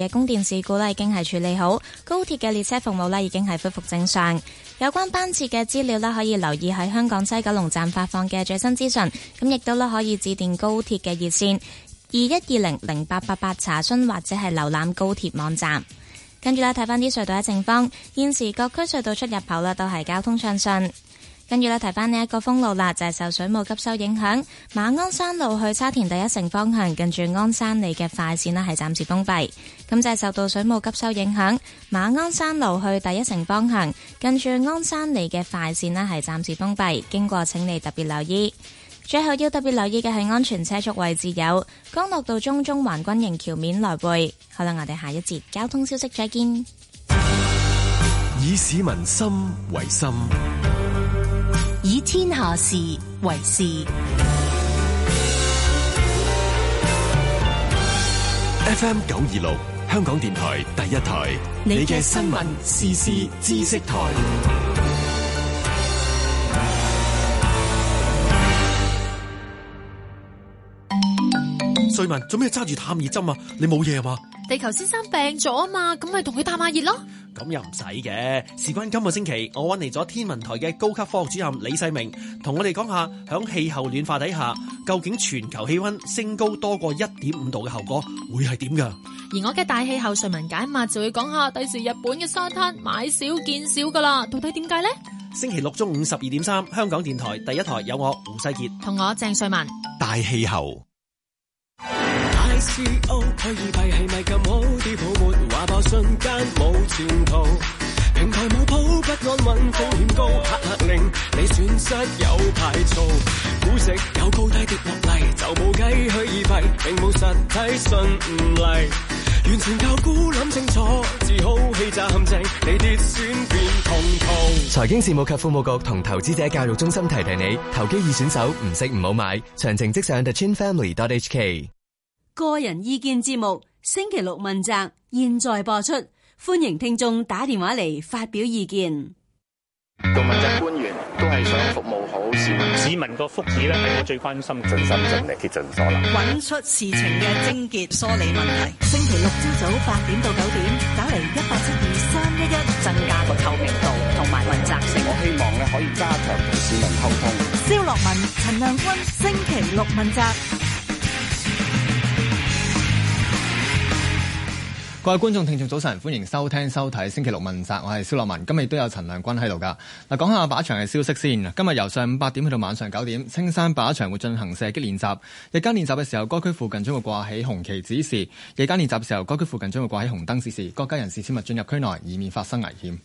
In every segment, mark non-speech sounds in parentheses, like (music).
嘅供電事故呢，已經係處理好，高鐵嘅列車服務呢，已經係恢復正常。有關班次嘅資料呢，可以留意喺香港西九龍站發放嘅最新資訊，咁亦都呢，可以致電高鐵嘅熱線二一二零零八八八查詢，或者係瀏覽高鐵網站。跟住呢，睇翻啲隧道嘅情況，現時各區隧道出入口呢，都係交通暢順。跟住咧，提翻呢一個封路啦，就係、是、受水務急修影響，馬鞍山路去沙田第一城方向，近住鞍山嚟嘅快線呢係暫時封閉。咁就係受到水務急修影響，馬鞍山路去第一城方向，近住鞍山嚟嘅快線呢係暫時封閉。經過，請你特別留意。最後要特別留意嘅係安全車速位置有江落道中中環軍營橋面來回。好啦，我哋下一節交通消息再見。以市民心為心，天下事為事，FM 九二六香港電台第一台，你嘅新聞時事知識台。瑞文做咩揸住探熱針啊？你冇嘢啊嘛？地球先生病咗啊嘛，咁咪同佢探下熱咯。咁又唔使嘅。事關今個星期，我搵嚟咗天文台嘅高級科學主任李世明，同我哋講下響氣候暖化底下，究竟全球氣溫升高多過一點五度嘅後果會係點噶？而我嘅大氣候瑞文解碼，就會講下第時日本嘅沙灘買少見少噶啦，到底點解呢？星期六中午十二點三，香港電台第一台有我胡世杰同我鄭瑞文大氣候。ICO 虛擬幣係咪咁好？啲泡沫話爆瞬間冇前途，平台冇保不安穩，風險高，黑客令你損失有排嘈，估值，有高低跌落嚟就冇計，虛擬幣，並冇實體信唔嚟。完全靠估諗清楚，自好氣炸陷阱，你跌損變痛痛。財經事務及服務局同投資者教育中心提提你，投機易選手唔識唔好買，詳情即上 thechinfamily.hk。個人意見節目，星期六問責，現在播出，歡迎聽眾打電話嚟發表意見。 (music) 想服務好市民，市民個福祉咧係我最關心的、盡心盡力竭盡所能，揾出事情嘅症結、梳理問題。星期六朝早八點到九點，打嚟一八七二三一一，增加個透明度同埋問責性。我希望咧可以加強同市民溝通。蕭洛汶、陳亮坤，星期六問責。各位觀眾聽眾早晨，歡迎收聽收睇星期六問責，我係蕭洛汶，今日都有陳亮君喺度噶。嗱，講下靶場嘅消息先。今日由上午八點去到晚上九點，青山靶場會進行射擊練習。日間練習嘅時候，該區附近將會掛起紅旗指示；夜間練習嘅時候，該區附近將會掛起紅燈指示，各界人士切勿進入區內，以免發生危險。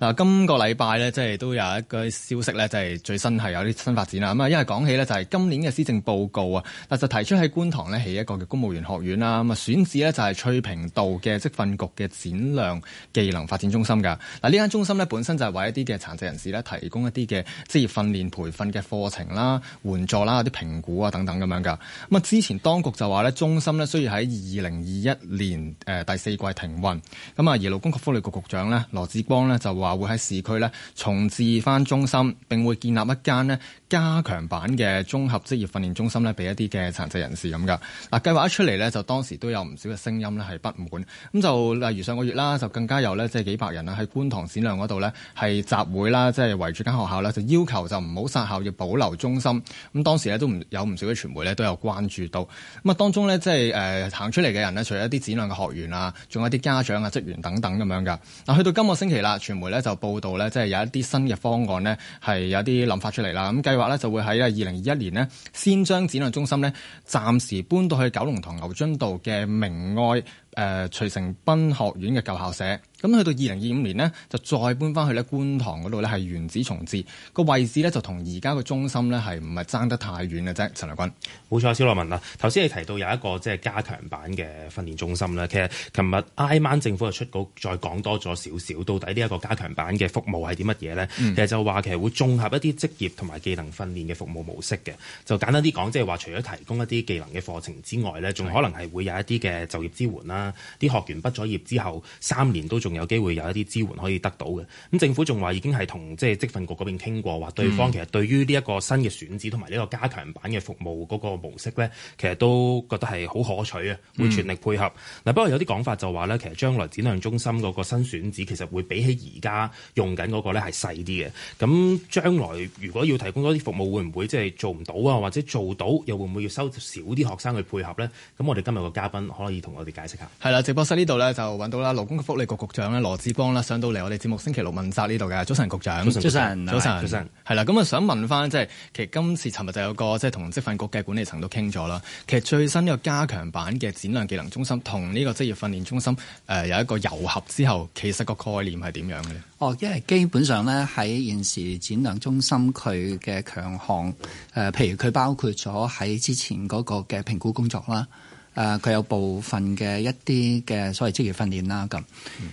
嗱，今個禮拜呢，即係都有一個消息呢，就係最新係有啲新發展啦。咁啊，因為講起呢，就係今年嘅施政報告啊，嗱就提出喺觀塘呢起一個嘅公務員學院啦。咁啊，選址呢，就係翠屏道嘅。職訓局嘅展亮技能發展中心㗎，嗱，呢間中心咧本身就係為一啲嘅殘疾人士咧提供一啲嘅職業訓練培訓嘅課程啦、援助啦、啲評估啊等等咁樣㗎。咁啊，之前當局就話咧，中心咧需要喺二零二一年誒第四季停運。咁啊，而勞工及福利局局長咧羅致光咧就話會喺市區咧重置翻中心，並會建立一間咧加強版嘅綜合職業訓練中心咧，俾一啲嘅殘疾人士咁㗎。嗱，計劃一出嚟咧，就當時都有唔少嘅聲音咧係不滿。咁就例如上個月啦，就更加有呢，即係幾百人啦，喺觀塘展亮嗰度呢，係集會啦，即係圍住間學校啦，就要求就唔好殺校，要保留中心。咁當時呢，都唔有唔少嘅傳媒呢都有關注到。咁啊，當中呢，即係誒行出嚟嘅人呢，除咗一啲展亮嘅學員啦、啊，仲有啲家長啊、職員等等咁樣噶。嗱，去到今個星期啦，傳媒呢就報道呢，即係有一啲新嘅方案呢，係有啲諗法出嚟啦。咁計劃呢，就會喺啊二零二一年呢，先將展亮中心呢，暫時搬到去九龍塘牛津道嘅明愛，誒徐誠斌學院嘅舊校舍。咁去到二零二五年呢，就再搬翻去咧觀塘嗰度咧，係原址重置個位置咧，就同而家個中心咧係唔係爭得太遠嘅啫？陳立君，冇錯，蕭洛汶啦，頭先你提到有一個即係加強版嘅訓練中心啦，其實琴日挨晚政府就出稿，再講多咗少少，到底呢一個加強版嘅服務係啲乜嘢咧？嗯、其實就話其實會綜合一啲職業同埋技能訓練嘅服務模式嘅，就簡單啲講即係話除咗提供一啲技能嘅課程之外咧，仲可能係會有一啲嘅就業支援啦，啲學員畢咗業之後三年都仲。有機會有一啲支援可以得到嘅，咁政府仲話已經係同即係職訓局嗰邊傾過，話對方其實對於呢一個新嘅選址同埋呢個加強版嘅服務嗰個模式呢，其實都覺得係好可取啊，會全力配合。嗱、嗯，但不過有啲講法就話呢，其實將來展亮中心嗰個新選址其實會比起而家用緊嗰個呢係細啲嘅。咁將來如果要提供多啲服務，會唔會即係做唔到啊？或者做到又會唔會要收少啲學生去配合呢？咁我哋今日個嘉賓可以同我哋解釋下。係啦，直播室呢度呢就搵到啦，勞工及福利局局長。咁咧，羅致光啦，上到嚟我哋節目星期六問責呢度嘅，早晨，局長，早晨，早晨，早晨，係啦，咁啊，想問翻，即係其實今次尋日就有個即係同職訓局嘅管理層都傾咗啦，其實最新呢個加強版嘅展亮技能中心同呢個職業訓練中心誒、呃、有一個糅合之後，其實個概念係點樣嘅咧？哦，因為基本上咧喺現時展亮中心佢嘅強項誒、呃，譬如佢包括咗喺之前嗰個嘅評估工作啦。啊、呃！佢有部分嘅一啲嘅所謂職業訓練啦，咁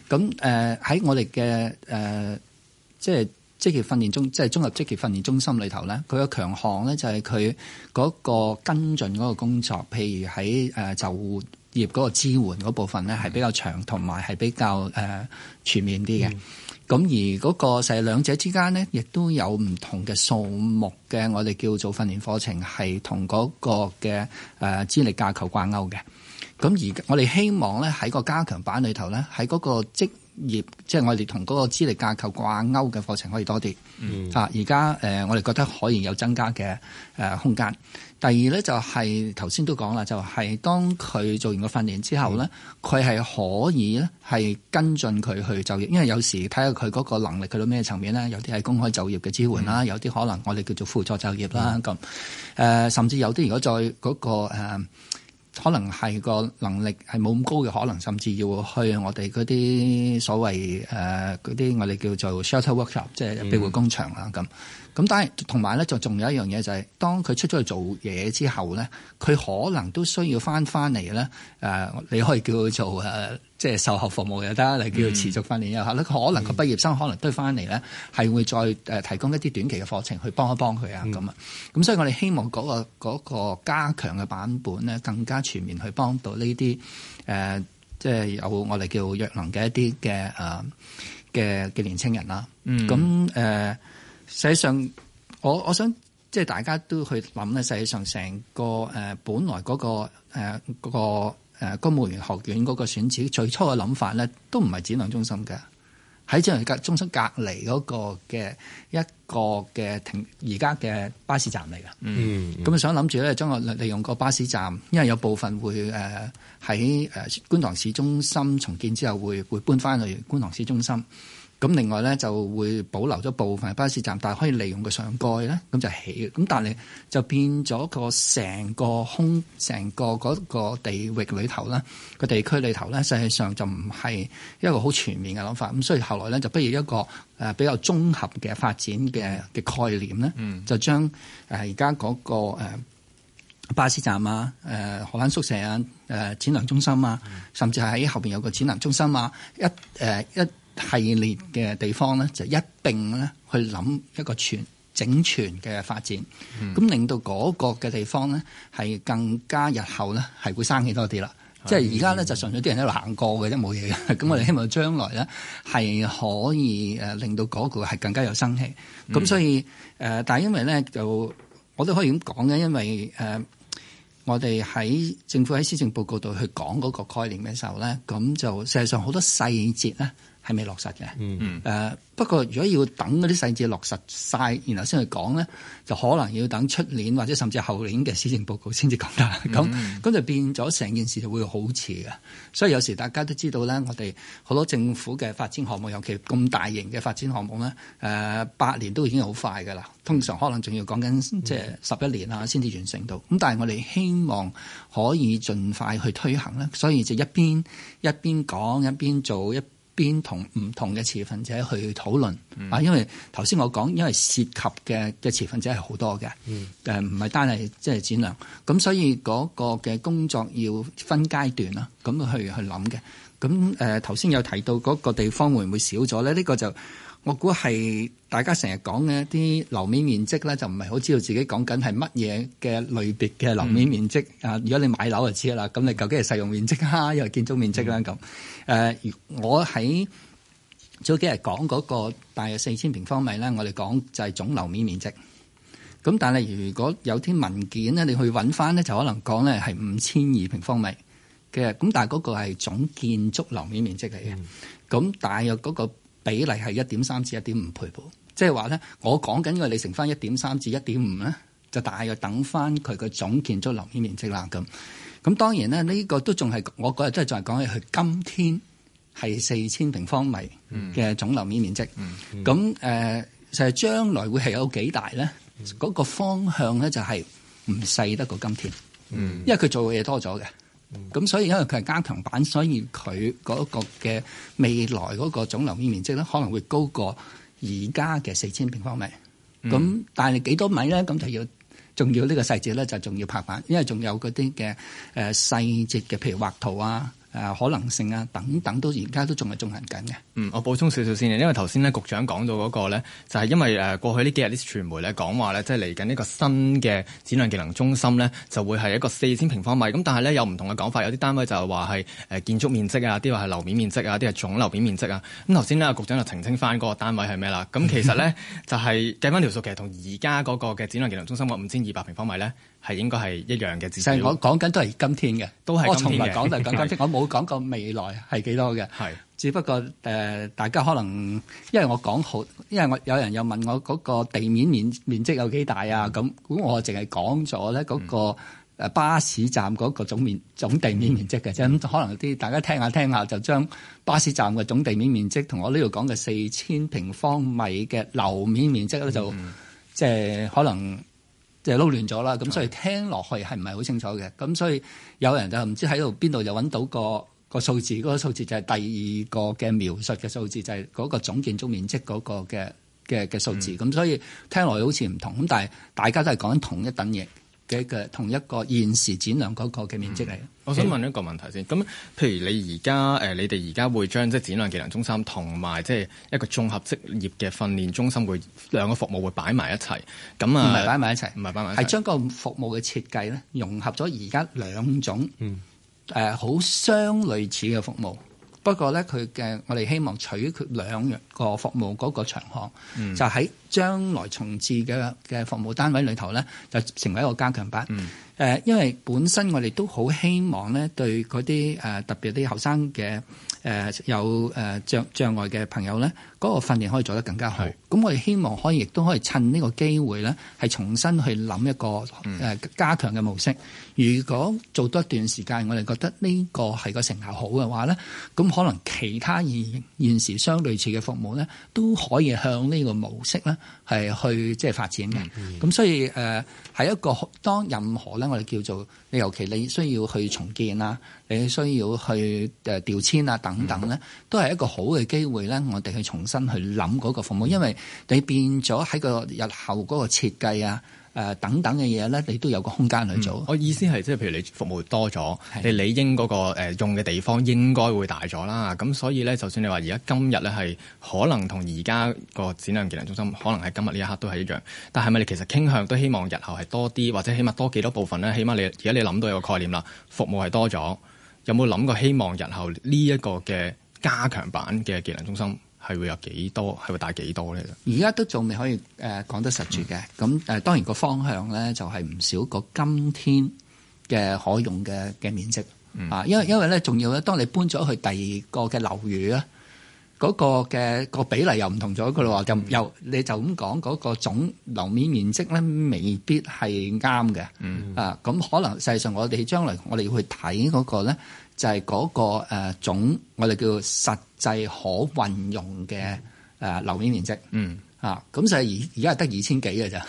咁誒喺我哋嘅誒，即係職業訓練中，即係綜合職業訓練中心裏頭咧，佢嘅強項咧就係佢嗰個跟進嗰個工作，譬如喺誒就業嗰個支援嗰部分咧，係比較長同埋係比較誒、呃、全面啲嘅。嗯咁而嗰個實兩者之間咧，亦都有唔同嘅數目嘅，我哋叫做訓練課程，係同嗰個嘅誒資歷架構掛鈎嘅。咁而我哋希望咧喺個加強版裏頭咧，喺嗰個職業，即係我哋同嗰個資歷架構掛鈎嘅課程可以多啲。嗯，啊，而家誒我哋覺得可以有增加嘅誒空間。第二咧就係頭先都講啦，就係、是、當佢做完個訓練之後咧，佢、嗯、係可以咧係跟進佢去就業，因為有時睇下佢嗰個能力去到咩層面咧，有啲係公開就業嘅支援啦、嗯，有啲可能我哋叫做輔助就業啦，咁、嗯、誒，甚至有啲如果再嗰、那個、呃、可能係個能力係冇咁高嘅，可能甚至要去我哋嗰啲所謂誒嗰啲我哋叫做 shelter workshop，即係庇護工場啦咁。嗯。咁但係同埋咧，就仲有，有一樣嘢就係、是，當佢出咗去做嘢之後咧，佢可能都需要翻翻嚟咧。誒、呃，你可以叫做誒，即、呃、係、就是、售後服務又得，你叫做持續訓練又得。咧、嗯。可能個畢業生可能都翻嚟咧，係、嗯、會再提供一啲短期嘅課程去幫一幫佢啊咁啊。咁、嗯、所以我哋希望嗰、那個嗰、那個、加強嘅版本咧，更加全面去幫到呢啲誒，即、呃、係、就是、有我哋叫弱能嘅一啲嘅誒嘅嘅年輕人啦。咁、嗯、誒。實際上，我我想即係大家都去諗咧。實際上，成個誒本來嗰個誒嗰個誒公務員學院嗰個選址最初嘅諗法咧，都唔係展亮中心嘅，喺展亮隔中心隔離嗰個嘅一個嘅停而家嘅巴士站嚟嘅。嗯，咁啊想諗住咧，將我利用個巴士站，因為有部分會誒喺誒觀塘市中心重建之後，會會搬翻去觀塘市中心。咁另外咧就會保留咗部分巴士站，但係可以利用個上蓋咧，咁就起。咁但係就變咗個成個空、成個嗰個地域裏頭咧，個地區裏頭咧，實際上就唔係一個好全面嘅諗法。咁所以後來咧就不如一個誒比較綜合嘅發展嘅嘅概念咧，嗯、就將誒而家嗰個巴士站啊、誒學生宿舍啊、誒、呃、展覽中心啊，甚至係喺後面有個展覽中心啊，一誒、呃、一。系列嘅地方咧，就一併咧去諗一個全整全嘅發展，咁、嗯、令到嗰個嘅地方咧係更加日後咧係會生氣多啲啦。即係而家咧就純粹啲人喺度行過嘅，啫，冇嘢嘅。咁我哋希望將來咧係可以誒令到嗰個係更加有生氣。咁、嗯、所以誒、呃，但係因為咧就我都可以咁講嘅，因為誒、呃、我哋喺政府喺施政報告度去講嗰個概念嘅時候咧，咁就事實上好多細節咧。係未落實嘅、mm-hmm. 呃，不過如果要等嗰啲細節落實晒，然後先去講咧，就可能要等出年或者甚至後年嘅施政報告先至講得，咁、mm-hmm. 咁就變咗成件事就會好遲嘅。所以有時大家都知道咧，我哋好多政府嘅發展項目，尤其咁大型嘅發展項目咧，呃、八年都已經好快㗎啦。通常可能仲要講緊即係十一年啊，先至完成到。咁、mm-hmm. 但係我哋希望可以盡快去推行咧，所以就一邊一邊講一邊做一邊做。邊同唔同嘅持份者去討論啊，嗯、因為頭先我講，因為涉及嘅嘅持份者係好多嘅，誒唔係單係即係展亮，咁所以嗰個嘅工作要分階段啦，咁去去諗嘅。咁誒頭先有提到嗰個地方會唔會少咗咧？呢、呢個就。我估係大家成日講嘅啲樓面面積咧，就唔係好知道自己講緊係乜嘢嘅類別嘅樓面面積啊、嗯！如果你買樓就知啦，咁你究竟係實用面積啊，又係建築面積啦、啊、咁？誒、嗯呃，我喺早幾日講嗰個大約四千平方米咧，我哋講就係總樓面面積。咁但係如果有啲文件咧，你去揾翻咧，就可能講咧係五千二平方米嘅。咁但係嗰個係總建築樓面面積嚟嘅。咁、嗯、大約嗰、那個。比例係一點三至一點五倍，即係話咧，我講緊嘅你乘翻一點三至一點五咧，就大約等翻佢個總建築樓面面積啦。咁咁當然咧，呢、這個都仲係我嗰日都係在講起佢今天係四千平方米嘅總樓面面積。咁、嗯、誒、呃，就係、是、將來會係有幾大咧？嗰、那個方向咧就係唔細得過今天，因為佢做嘅嘢多咗嘅。咁、嗯、所以因為佢係加強版，所以佢嗰個嘅未來嗰個總樓面面積咧，可能會高過而家嘅四千平方米。咁、嗯、但係你幾多米咧？咁就要仲要呢個細節咧，就仲要拍板，因為仲有嗰啲嘅誒細節嘅，譬如畫圖啊。誒、啊、可能性啊等等，都而家都仲係進行緊嘅。嗯，我補充少少先，因為頭先呢局長講到嗰個呢，就係、是、因為誒過去呢幾日啲傳媒咧講話呢，即係嚟緊呢個新嘅展覽技能中心呢，就會係一個四千平方米。咁但係呢，有唔同嘅講法，有啲單位就話話係建築面積啊，啲話係樓面面積啊，啲係總樓面面積啊。咁頭先呢，局長就澄清翻嗰個單位係咩啦。咁 (laughs) 其實呢，就係、是、計翻條數，其實同而家嗰個嘅展亮技能中心五千二百平方米呢，係應該係一樣嘅資料。我講緊都係今天嘅，都係我從來講就講緊即 (laughs) 我冇講過未來係幾多嘅。只不過、呃、大家可能因為我講好，因為我有人又問我嗰個地面面面積有幾大啊？咁、嗯、咁我淨係講咗咧嗰個巴士站嗰個總面、嗯、總地面面積嘅啫。咁可能啲大家聽下聽下就將巴士站嘅總地面面積同我呢度講嘅四千平方米嘅樓面面積咧、嗯、就即係可能。即係撈亂咗啦，咁所以聽落去係唔係好清楚嘅。咁所以有人就唔知喺度邊度就搵到個個數字，個數字就係第二個嘅描述嘅數字，就係嗰總建築面積嗰嘅嘅嘅數字。咁所以聽落去好似唔同，咁但係大家都係講緊同一等嘢。嘅同一個現時展亮嗰個嘅面積嚟，嗯。我想問一個問題先，咁譬如你而家，誒你哋而家會將即展亮技能中心同埋即一個綜合職業嘅訓練中心會，會兩個服務會擺埋一齊。咁啊，擺埋一齊，唔係擺埋。係將個服務嘅設計咧，融合咗而家兩種誒好，嗯呃，相類似嘅服務。不過咧，佢嘅我哋希望取決兩樣個服務嗰個長項，嗯、就喺將來重置嘅嘅服務單位裏頭咧，就成為一個加強版。嗯。誒因為本身我哋都好希望咧，對嗰啲誒特別啲後生嘅誒有誒障障礙嘅朋友咧，嗰個訓練可以做得更加好。咁我哋希望可以亦都可以趁呢個機會咧，係重新去諗一個誒加強嘅模式、嗯。如果做多一段時間我哋覺得呢個係個成效好嘅話咧，咁可能其他現現時相類似嘅服務咧，都可以向呢個模式咧係去即係發展嘅。咁、嗯、所以誒係一個當任何咧。我哋叫做你，尤其你需要去重建啊，你需要去誒調遷啊等等咧，都係一個好嘅機會咧。我哋去重新去諗嗰個服務，因為你變咗喺個日後嗰個設計啊。誒等等嘅嘢咧，你都有個空間去做。嗯、我意思係即係譬如你服務多咗，你理應嗰個誒用嘅地方應該會大咗啦。咁所以咧，就算你話而家今日咧係可能同而家個展亮技能中心可能係今日呢一刻都係一樣，但係咪你其實傾向都希望日後係多啲，或者起碼多幾多部分咧？起碼你而家你諗到有個概念啦。服務係多咗，有冇諗過希望日後呢一個嘅加強版嘅技能中心？係會有幾多？係會大幾多咧？而家都仲未可以誒、呃、講得實住嘅。咁、嗯、當然個方向咧，就係、是、唔少過今天嘅可用嘅嘅面積。嗯、啊，因為因為咧，重要咧，當你搬咗去第二個嘅樓宇咧，嗰、那個嘅、那個比例又唔同咗，佢咯喎，又你就咁講嗰個總樓面面積咧，未必係啱嘅。嗯啊，咁可能事實際上我哋將來我哋要去睇嗰個咧。就係、是、嗰、那個誒、呃、總，我哋叫實際可運用嘅誒樓面面積。嗯啊，咁就係而而家係得二千幾嘅咋。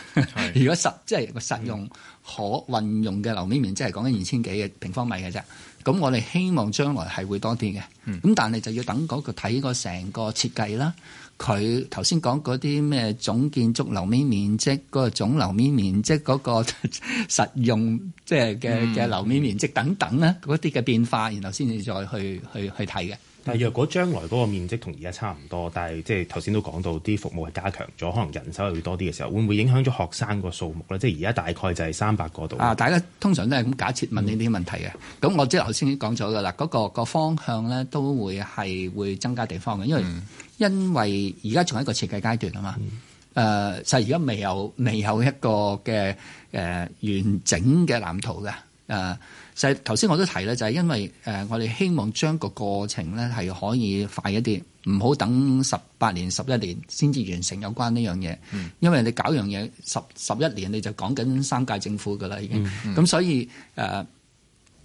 如果實即係、就是、實用可運用嘅樓面面積係講緊二千幾嘅平方米嘅啫。咁我哋希望將來係會多啲嘅。咁、嗯、但係就要等嗰個睇個成個設計啦。佢頭先講嗰啲咩總建築樓面面積，嗰個總樓面面積嗰個實用即係嘅嘅樓面面積等等咧，嗰啲嘅變化，然後先至再去去去睇嘅。但若果將來嗰個面積同而家差唔多，但係即係頭先都講到啲服務係加強咗，可能人手係會更多啲嘅時候，會唔會影響咗學生個數目咧？即係而家大概就係三百個度啊。大家通常都係咁假設問你呢啲問題嘅。咁、嗯、我即係頭先已經講咗噶啦，嗰、嗰個嗰個方向咧都會係會增加地方嘅，因為、嗯。因為而家仲係一個設計階段啊嘛，誒，就係而家未有未有一個嘅誒、嗯呃呃、完整嘅藍圖嘅，誒、呃，就係頭先我都提咧，就係、是、因為誒、呃、我哋希望將個過程咧係可以快一啲，唔好等十八年、十一年先至完成有關呢樣嘢，因為你搞樣嘢十十一年你就講緊三屆政府噶啦已經，咁、嗯嗯、所以誒。呃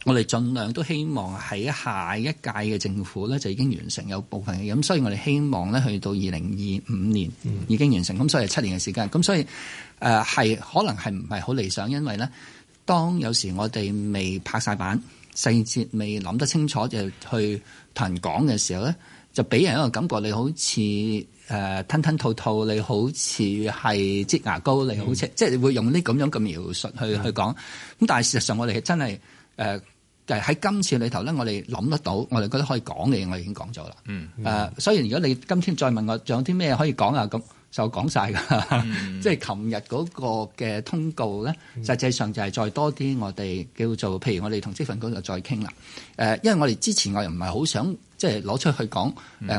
我哋盡量都希望喺下一屆嘅政府咧，就已經完成有部分嘅咁，所以我哋希望咧去到二零二五年已經完成，咁所以係七年嘅時間，咁所以誒係、呃、可能係唔係好理想，因為咧，當有時我哋未拍晒板，細節未諗得清楚就去同人講嘅時候咧，就俾人一個感覺，你好似誒、呃、吞吞吐吐，你好似係擠牙膏，你好似、嗯、即係會用呢咁樣嘅描述去去講，咁但係事實上我哋係真係誒。呃就喺今次裏頭咧，我哋諗得到，我哋覺得可以講嘅嘢，我已經講咗啦。嗯。誒、嗯，uh, 所以如果你今天再問我，仲有啲咩可以講啊？咁就講晒㗎。即係琴日嗰個嘅通告咧，實際上就係再多啲我哋叫做，譬如我哋同職訓局就再傾啦。誒、uh, 因為我哋之前我又唔係好想。即係攞出去講，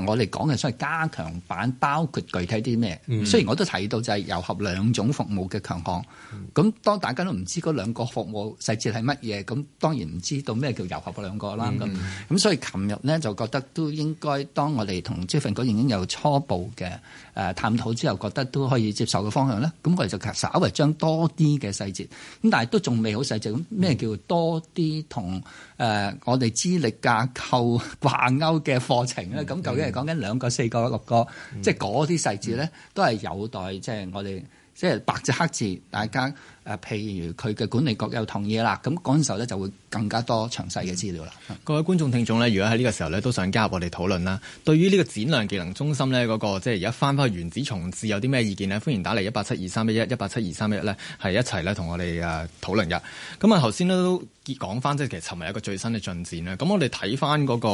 我哋講嘅所謂加強版，包括具體啲咩？雖然我都提到就係游合兩種服務嘅強項。咁、嗯、當大家都唔知嗰兩個服務細節係乜嘢，咁當然唔知道咩叫游合兩個啦。咁、嗯、咁所以琴日咧就覺得都應該，當我哋同職訓局已經有初步嘅誒探討之後，覺得都可以接受嘅方向咧，咁我哋就稍為將多啲嘅細節，咁但係都仲未好細節。咁咩叫多啲同？誒、呃，我哋資歷架構掛鈎嘅課程咧，咁究竟係講緊兩個、四個、六個，即係嗰啲細節咧，都係有待即係、即係、我哋即係白紙黑字大家。誒，譬如佢嘅管理局又同意啦，咁嗰陣時候咧就會更加多詳細嘅資料啦。嗯。各位觀眾聽眾呢，如果喺呢個時候咧都想加入我哋討論啦，對於呢個展量技能中心咧嗰個即係而家翻翻去原址重置有啲咩意見呢？歡迎打嚟一八七二三一一一八七二三一一咧，係一齊咧同我哋誒討論嘅。咁啊，頭先都講翻即係其實尋日一個最新嘅進展啦。咁我哋睇翻嗰個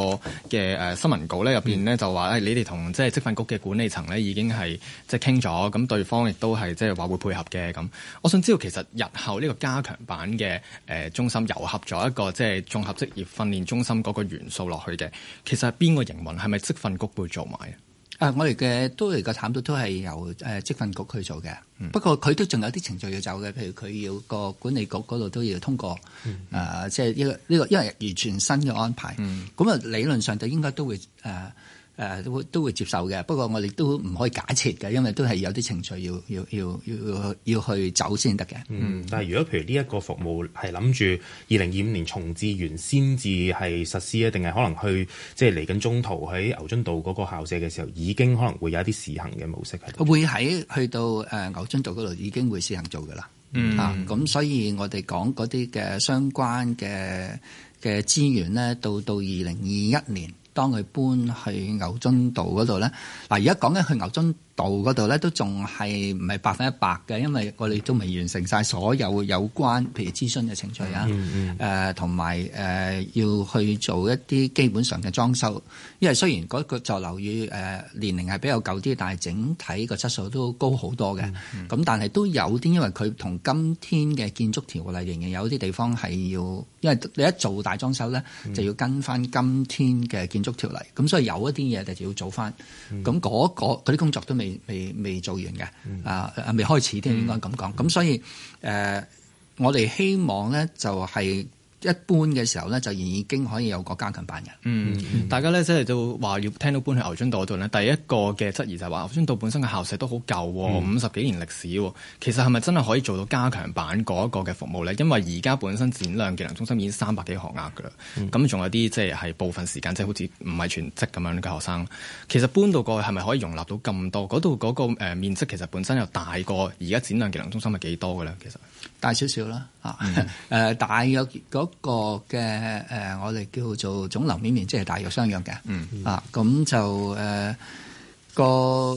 嘅誒新聞稿咧，入邊呢就話誒，你哋同即係職訓局嘅管理層呢，已經係即係傾咗，咁對方亦都係即係話會配合嘅咁。我想知道其實。日後呢個加強版嘅誒中心，糅合咗一個即係綜合職業訓練中心嗰個元素落去嘅，其實邊個營運係咪職訓局會做埋啊？誒，我哋嘅都嚟個探討都係由誒職訓局去做嘅、嗯。不過佢都仲有啲程序要走嘅，譬如佢要個管理局嗰度都要通過。誒、嗯，即係呢個呢個，因為完全新嘅安排。咁、嗯、啊，就理論上就應該都會誒。呃誒都會都會接受嘅，不過我哋都唔可以假設嘅，因為都係有啲程序要要要要要去走先得嘅。嗯，但係如果譬如呢一個服務係諗住二零二五年重置完先至係實施，一定係可能去即係嚟緊中途喺牛津道嗰個校舍嘅時候已經可能會有一啲試行嘅模式喺度。會喺去到、呃、牛津道嗰度已經會試行做噶啦。嗯，咁、啊、所以我哋講嗰啲嘅相關嘅嘅資源咧，到到二零二一年。當佢搬去牛津道嗰度咧，嗱，而家講緊去牛津度度咧都仲係唔係百分一百嘅？因為我哋都未完成晒所有有關譬如諮詢嘅程序啊，誒同埋誒要去做一啲基本上嘅裝修。因為雖然嗰個座樓宇誒年齡係比較舊啲，但係整體個質素都高好多嘅。咁、mm-hmm. 但係都有啲，因為佢同今天嘅建築條例仍然有啲地方係要，因為你一做大裝修咧就要跟翻今天嘅建築條例。咁、mm-hmm. 所以有一啲嘢就要做翻。咁、嗰個、嗰啲工作都未。未未未做完嘅、嗯、啊，未開始添，應該咁講。咁所以誒、呃，我哋希望咧就係、是。一般嘅時候咧，就已經可以有個加強版嘅。嗯，大家咧即係就話要聽到搬去牛津道嗰度咧，第一個嘅質疑就係話牛津道本身嘅校舍都好舊，五十幾年歷史。其實係咪真係可以做到加強版嗰一個嘅服務咧？因為而家本身展亮技能中心已經三百幾學額啦，咁仲有啲即係部分時間即係好似唔係全職咁樣嘅學生。其實搬到過去係咪可以容納到咁多？嗰度嗰個面積其實本身又大過而家展亮技能中心係幾多嘅咧？其實。大少少啦嚇，誒、mm-hmm. 呃、大約嗰個嘅誒、呃，我哋叫做總樓面面積係大約相約嘅啊。咁就誒、呃那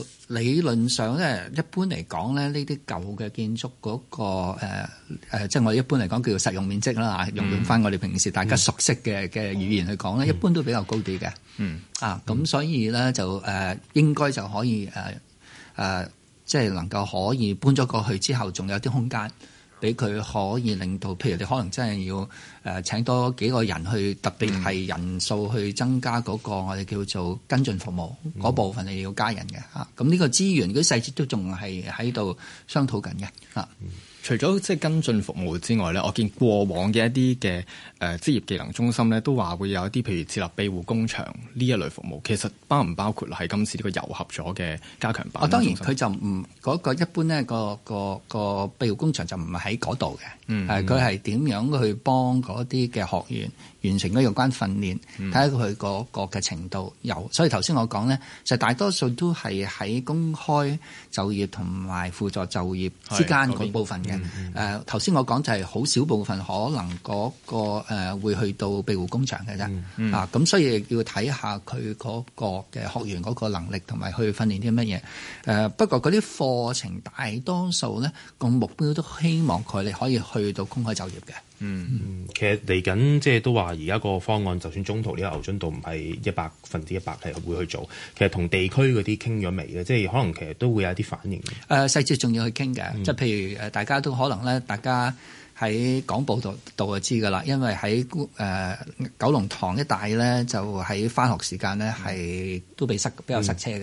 個理論上咧，一般嚟講咧，呢啲舊嘅建築嗰、那個誒、呃呃、即係我哋一般嚟講叫做實用面積啦嚇，mm-hmm. 用用翻我哋平時大家熟悉嘅嘅語言去講咧，mm-hmm. 一般都比較高啲嘅、mm-hmm. 啊。咁所以咧就誒、呃、應該就可以誒誒、呃呃，即係能夠可以搬咗過去之後，仲有啲空間。俾佢可以令到，譬如你可能真係要誒、呃、請多幾個人去，特別係人數去增加嗰個我哋叫做跟進服務嗰、嗯、部分，你要加人嘅嚇。咁呢個資源嗰細節都仲係喺度商討緊嘅嚇。除咗即係跟進服務之外咧，我見過往嘅一啲嘅誒職業技能中心咧，都話會有一啲譬如設立庇護工場呢一類服務。其實包唔包括喺今次呢個糅合咗嘅加強版？啊、哦，當然佢就唔嗰、嗰個一般咧，嗰個、嗰個、嗰個庇護工場就唔喺嗰度嘅。嗯、嗯，係佢係點樣去幫嗰啲嘅學員？完成咗有關訓練，睇下佢嗰個嘅程度有、嗯。所以頭先我講咧，就大多數都係喺公開就業同埋輔助就業之間嗰部分嘅。頭、嗯、先、嗯、我講就係好少部分可能嗰個誒會去到庇護工場嘅啫。啊、嗯，咁、嗯、所以要睇下佢嗰個嘅學員嗰個能力同埋去訓練啲乜嘢。不過嗰啲課程大多數咧個目標都希望佢哋可以去到公開就業嘅。嗯，其實嚟緊即係都話，而家個方案就算中途呢個牛津道唔係一百分之一百，係會去做。其實同地區嗰啲傾咗未嘅，即係可能其實都會有一啲反應嘅。誒、呃、細節仲要去傾嘅，即、嗯、係譬如誒，大家都可能咧，大家。喺廣播道度度就知㗎啦，因為喺誒、呃、九龍塘一帶咧，就喺返學時間咧係都被塞，比較塞車嘅。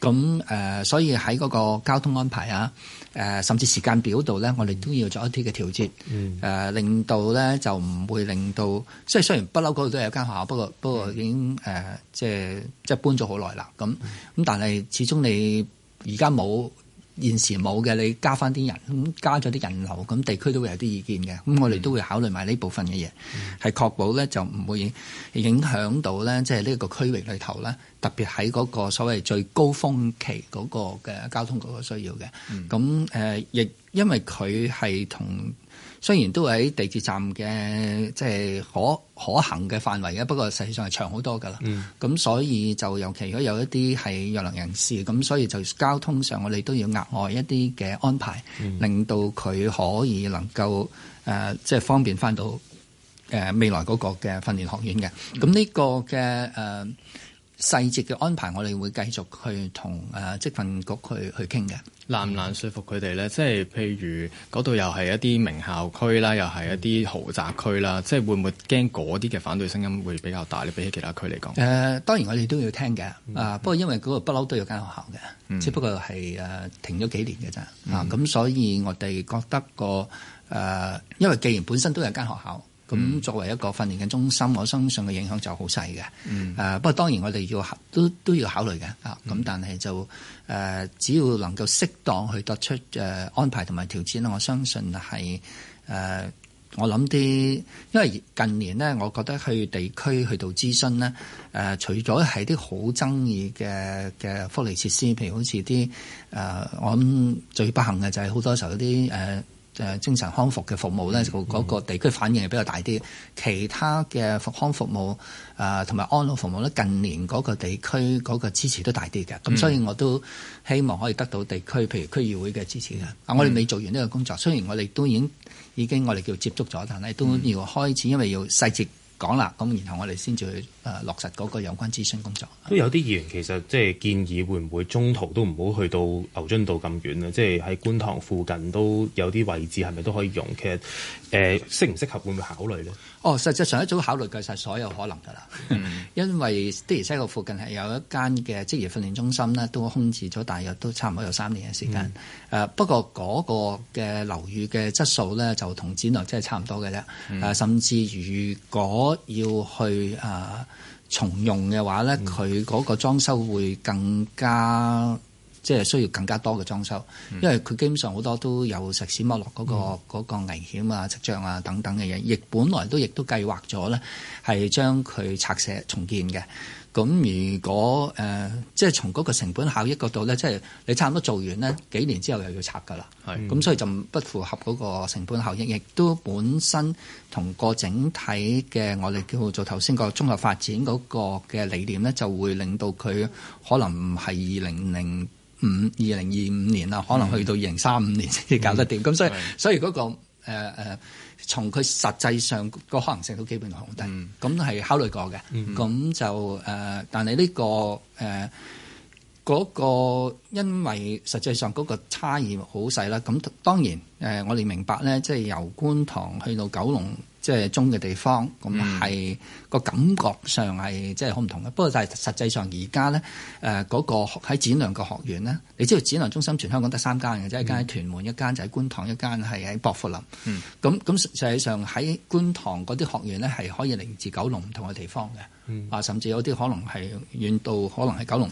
咁、嗯、誒、呃，所以喺嗰個交通安排啊，誒、呃、甚至時間表度咧，我哋都要做一啲嘅調節，嗯誒、呃、令到咧就唔會令到，即係雖然不嬲嗰度都有一間學校，不過、嗯、不過已經誒、呃、即係即係搬咗好耐啦。咁咁但係始終你而家冇。現時冇嘅，你加翻啲人，咁加咗啲人流，咁地區都會有啲意見嘅，咁我哋都會考慮埋呢部分嘅嘢，係、嗯、確保咧就唔會影響到咧，即係呢個區域裏頭咧，特別喺嗰個所謂最高峰期嗰個嘅交通嗰個需要嘅，咁誒亦因為佢係同。雖然都喺地鐵站嘅，即係可可行嘅範圍嘅，不過實際上係長好多噶啦。咁、嗯、所以就尤其如果有一啲係弱能人士，咁所以就交通上我哋都要額外一啲嘅安排，嗯、令到佢可以能夠誒、呃，即係方便翻到誒、呃、未來嗰個嘅訓練學院嘅。咁呢個嘅誒。呃細節嘅安排，我哋會繼續去同誒、呃、職訓局去去傾嘅。難唔難說服佢哋咧？嗯、即係譬如嗰度又係一啲名校區啦，又係一啲豪宅區啦，即係會唔會驚嗰啲嘅反對聲音會比較大？你比起其他區嚟講，誒、呃、當然我哋都要聽嘅。啊、嗯呃，不過因為嗰度不嬲都有一間學校嘅，嗯、只不過係誒、呃、停咗幾年嘅咋。嗯、啊，咁所以我哋覺得個誒、呃，因為既然本身都有一間學校。咁、嗯、作為一個訓練嘅中心，我相信嘅影響就好細嘅。不過當然我哋要都都要考慮嘅。啊，咁但係就、呃、只要能夠適當去突出、呃、安排同埋調節，我相信係誒、呃，我諗啲，因為近年呢，我覺得去地區去到諮詢呢，呃、除咗係啲好爭議嘅嘅福利設施，譬如好似啲誒，我諗最不幸嘅就係好多時候啲誒。呃誒精神康復嘅服務咧，就、那、嗰個地區反應係比較大啲、嗯。其他嘅復康服務啊，同、呃、埋安老服務咧，近年嗰個地區嗰個支持都大啲嘅。咁、嗯、所以我都希望可以得到地區，譬如區議會嘅支持嘅。啊、嗯，我哋未做完呢個工作，雖然我哋都已經我哋叫接觸咗，但係都要開始，因為要細節。講啦，咁然後我哋先至去誒落實嗰個有關諮詢工作。都有啲議員其實即係建議，會唔會中途都唔好去到牛津道咁遠啊？即係喺觀塘附近都有啲位置，係咪都可以用？其實誒、呃、適唔適合，會唔會考慮咧？哦，實際上一早考慮計曬所有可能㗎啦，嗯，因為的士街個附近係有一間嘅職業訓練中心咧，都空置咗大約都差唔多有三年嘅時間。誒、嗯，不過嗰個嘅樓宇嘅質素咧就同展能真係差唔多嘅啫。誒、嗯啊，甚至如果要去誒、呃、重用嘅話咧，佢、嗯、嗰個裝修會更加。即係需要更加多嘅裝修，因為佢基本上好多都有石屎剝落嗰個嗰危險啊、跡象啊等等嘅嘢，亦本來都亦都計劃咗咧，係將佢拆卸重建嘅。咁如果誒，即、呃、係、就是、從嗰個成本效益角度咧，即、就、係、是、你差唔多做完咧，幾年之後又要拆㗎啦。咁，所以就不符合嗰個成本效益，亦都本身同個整體嘅我哋叫做頭先個綜合發展嗰個嘅理念咧，就會令到佢可能唔係二零零。五二零二五年啦，可能去到二零三五年先至搞得掂，咁所以所以嗰、那個誒誒，從、呃、佢實際上個可能性都基本好低，咁、嗯、係考慮過嘅，咁、嗯、就誒、呃，但係呢、這個誒嗰、呃那個因為實際上嗰個差異好細啦，咁當然誒、呃、我哋明白咧，即係由觀塘去到九龍。即係中嘅地方，咁係個感覺上係即係好唔同嘅。不過，但係實際上而家咧，誒、那、嗰個喺展亮嘅學院咧，你知道展亮中心全香港得三間嘅，即係一間喺屯門，一間，一間就喺觀塘，一間係喺薄扶林。嗯，咁咁實際上喺觀塘嗰啲學院咧，係可以嚟自九龍唔同嘅地方嘅。啊、嗯，甚至有啲可能係遠到可能係九龍。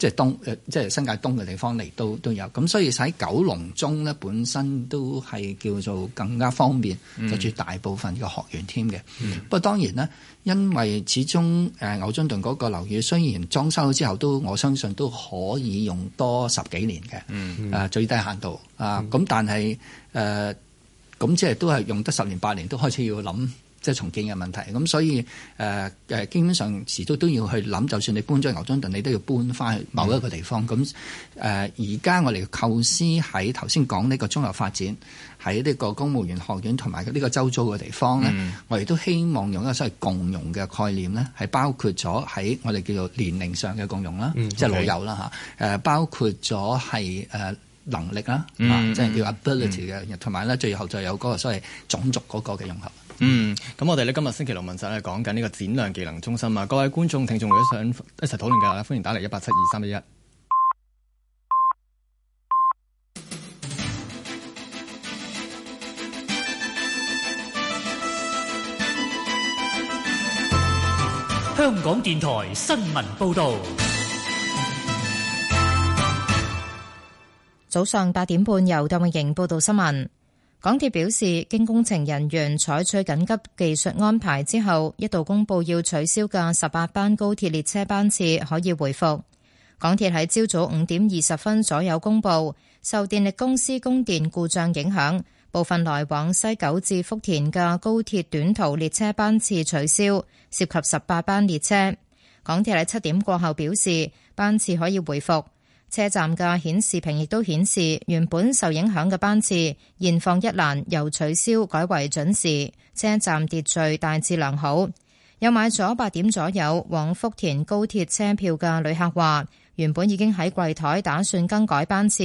即係東誒即係新界東嘅地方嚟都都有，咁所以喺九龍中咧本身都係叫做更加方便，就住大部分嘅學員添嘅、嗯。不過當然呢因為始終誒、呃、牛津頓嗰個樓宇雖然裝修咗之後都，我相信都可以用多十幾年嘅、嗯嗯呃、最低限度啊。咁、呃、但係誒，咁、呃、即係都係用得十年八年都開始要諗。即係重建嘅問題，咁所以誒誒、呃，基本上時都都要去諗，就算你搬咗牛津頓，你都要搬翻去某一個地方。咁、嗯、誒，而家、呃、我哋構思喺頭先講呢個中學發展，喺呢個公務員學院同埋呢個周遭嘅地方咧、嗯，我哋都希望用一個所謂共融嘅概念咧，係包括咗喺我哋叫做年齡上嘅共融啦，嗯 okay。即係老友啦嚇，誒、呃、包括咗係誒。呃能力啦，啊，嗯、即係叫 ability 嘅，啊，同埋咧，最後就有嗰個所謂種族嗰個嘅融合。嗯，咁我哋咧今日星期六問世咧，講緊呢個展亮技能中心啊！各位觀眾、聽眾，如果想一齊討論嘅話咧，歡迎打嚟一八七二三一一。香港電台新聞報導。早上八點半，由鄧穎瑩報道新聞。港鐵表示，經工程人員採取緊急技術安排之後，一度公布要取消嘅十八班高鐵列車班次可以回復。港鐵喺朝早五點二十分左右公布，受電力公司供電故障影響，部分來往西九至福田嘅高鐵短途列車班次取消，涉及十八班列車。港鐵喺七點過後表示，班次可以回復。車站嘅顯示屏亦都顯示原本受影響嘅班次，現放一欄，由取消改為準時。車站秩序大致良好。有買咗八點左右往福田高鐵車票嘅旅客話，原本已經喺櫃台打算更改班次，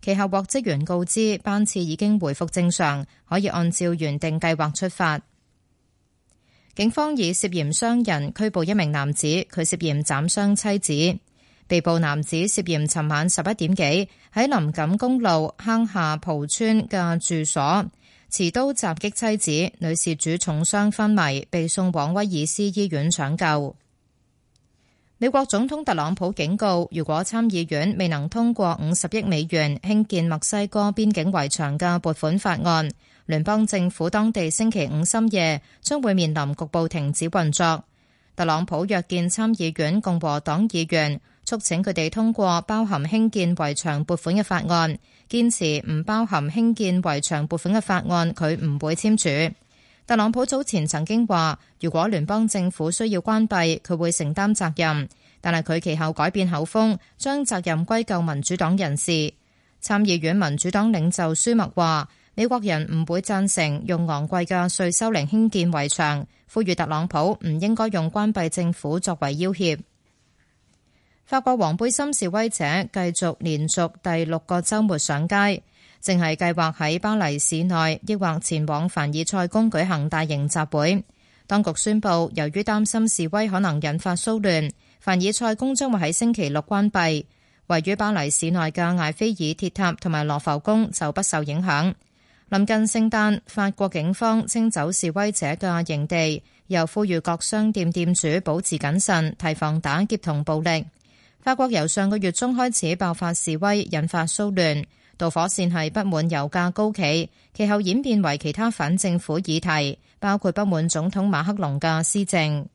其後獲職員告知班次已經回復正常，可以按照原定計劃出發。警方以涉嫌傷人拘捕一名男子，佢涉嫌斬傷妻子。被捕男子涉嫌尋晚十一點幾喺林錦公路坑下蒲村嘅住所持刀襲擊妻子，女事主重傷昏迷，被送往威爾斯醫院搶救。美國總統特朗普警告，如果參議院未能通過五十億美元興建墨西哥邊境圍牆嘅撥款法案，聯邦政府當地星期五深夜將會面臨局部停止運作。特朗普約見參議院共和黨議員。促請佢哋通過包含興建圍牆撥款嘅法案，堅持唔包含興建圍牆撥款嘅法案，佢唔會簽署。特朗普早前曾經話，如果聯邦政府需要關閉，佢會承擔責任，但係佢其後改變口風，將責任歸咎民主黨人士。參議院民主黨領袖舒默話，美國人唔會贊成用昂貴嘅稅收嚟興建圍牆，呼籲特朗普唔應該用關閉政府作為要挾。法國黃背心示威者繼續連續第六個周末上街，淨係計劃喺巴黎市內，抑或前往凡爾賽宮舉行大型集會。當局宣布，由於擔心示威可能引發騷亂，凡爾賽宮將會喺星期六關閉。位於巴黎市內嘅艾菲爾鐵塔同埋羅浮宮就不受影響。臨近聖誕，法國警方清走示威者嘅營地，又呼籲各商店店主保持謹慎，提防打劫同暴力。法國由上個月中開始爆發示威，引發騷亂。導火線係不滿油價高企，其後演變為其他反政府議題，包括不滿總統馬克龍嘅施政。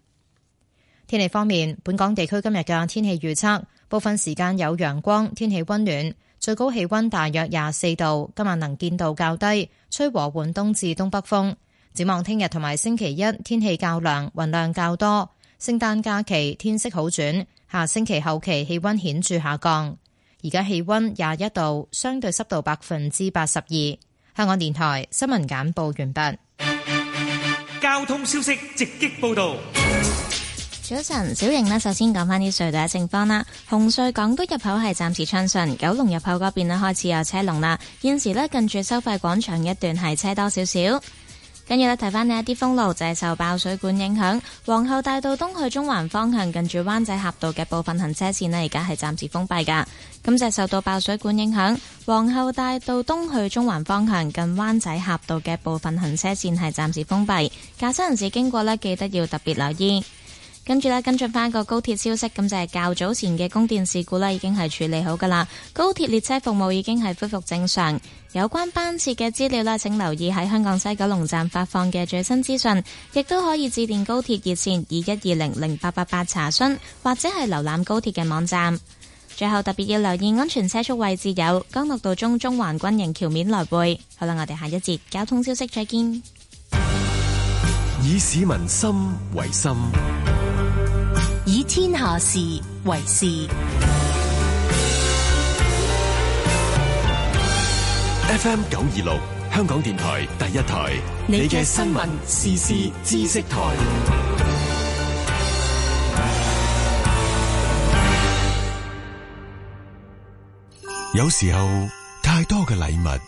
天氣方面，本港地區今日嘅天氣預測，部分時間有陽光，天氣溫暖，最高氣溫大約廿四度。今晚能見度較低，吹和緩東至東北風。展望聽日同埋星期一天氣較涼，雲量較多。聖誕假期天色好轉。下星期後期氣溫顯著下降，而家氣溫廿一度，相對濕度百分之八十二。香港電台新聞簡報完畢。交通消息直擊報道。早晨，小瑩呢，首先講翻啲隧道嘅情況啦。紅隧港都入口係暫時暢順，九龍入口嗰邊呢，開始有車龍啦。現時呢，近住收費廣場一段係車多少少。跟住咧，睇翻呢一啲封路，就係受爆水管影響，皇后大道東去中環方向近住灣仔峽道嘅部分行車線呢，而家係暫時封閉噶。咁就係受到爆水管影響，皇后大道東去中環方向近灣仔峽道嘅部分行車線係暫時封閉，駕車人士經過呢，記得要特別留意。跟住咧，跟進翻個高鐵消息，咁就係較早前嘅供電事故啦，已經係處理好噶啦。高鐵列車服務已經係恢復正常，有關班次嘅資料啦，請留意喺香港西九龍站發放嘅最新資訊，亦都可以致電高鐵熱線二一二零零八八八查詢，或者係瀏覽高鐵嘅網站。最後特別要留意安全車速位置有，有干諾道中中環軍營橋面來回。好啦，我哋下一節交通消息再見。以市民心為心。天下事為事，FM 九二六香港電台第一台，你嘅新聞時事知識台。有時候太多嘅禮物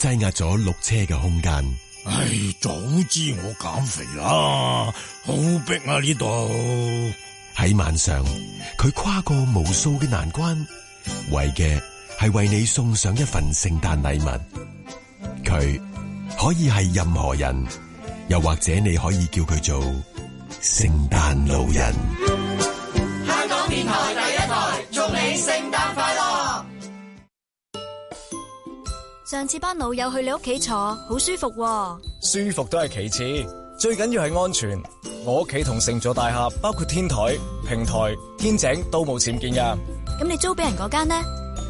擠壓咗綠車嘅空間。唉，早知我減肥啦，好逼啊呢度。這裡喺晚上，佢跨過無數嘅難關，為嘅係為你送上一份聖誕禮物。佢可以係任何人，又或者你可以叫佢做聖誕老人。香港電台第一台，祝你聖誕快樂。上次班老友去你屋企坐，好舒服喎。舒服都係其次。最緊要係安全，我屋企同成座大廈包括天台、平台、天井都冇僭建噶。咁你租俾人嗰間呢？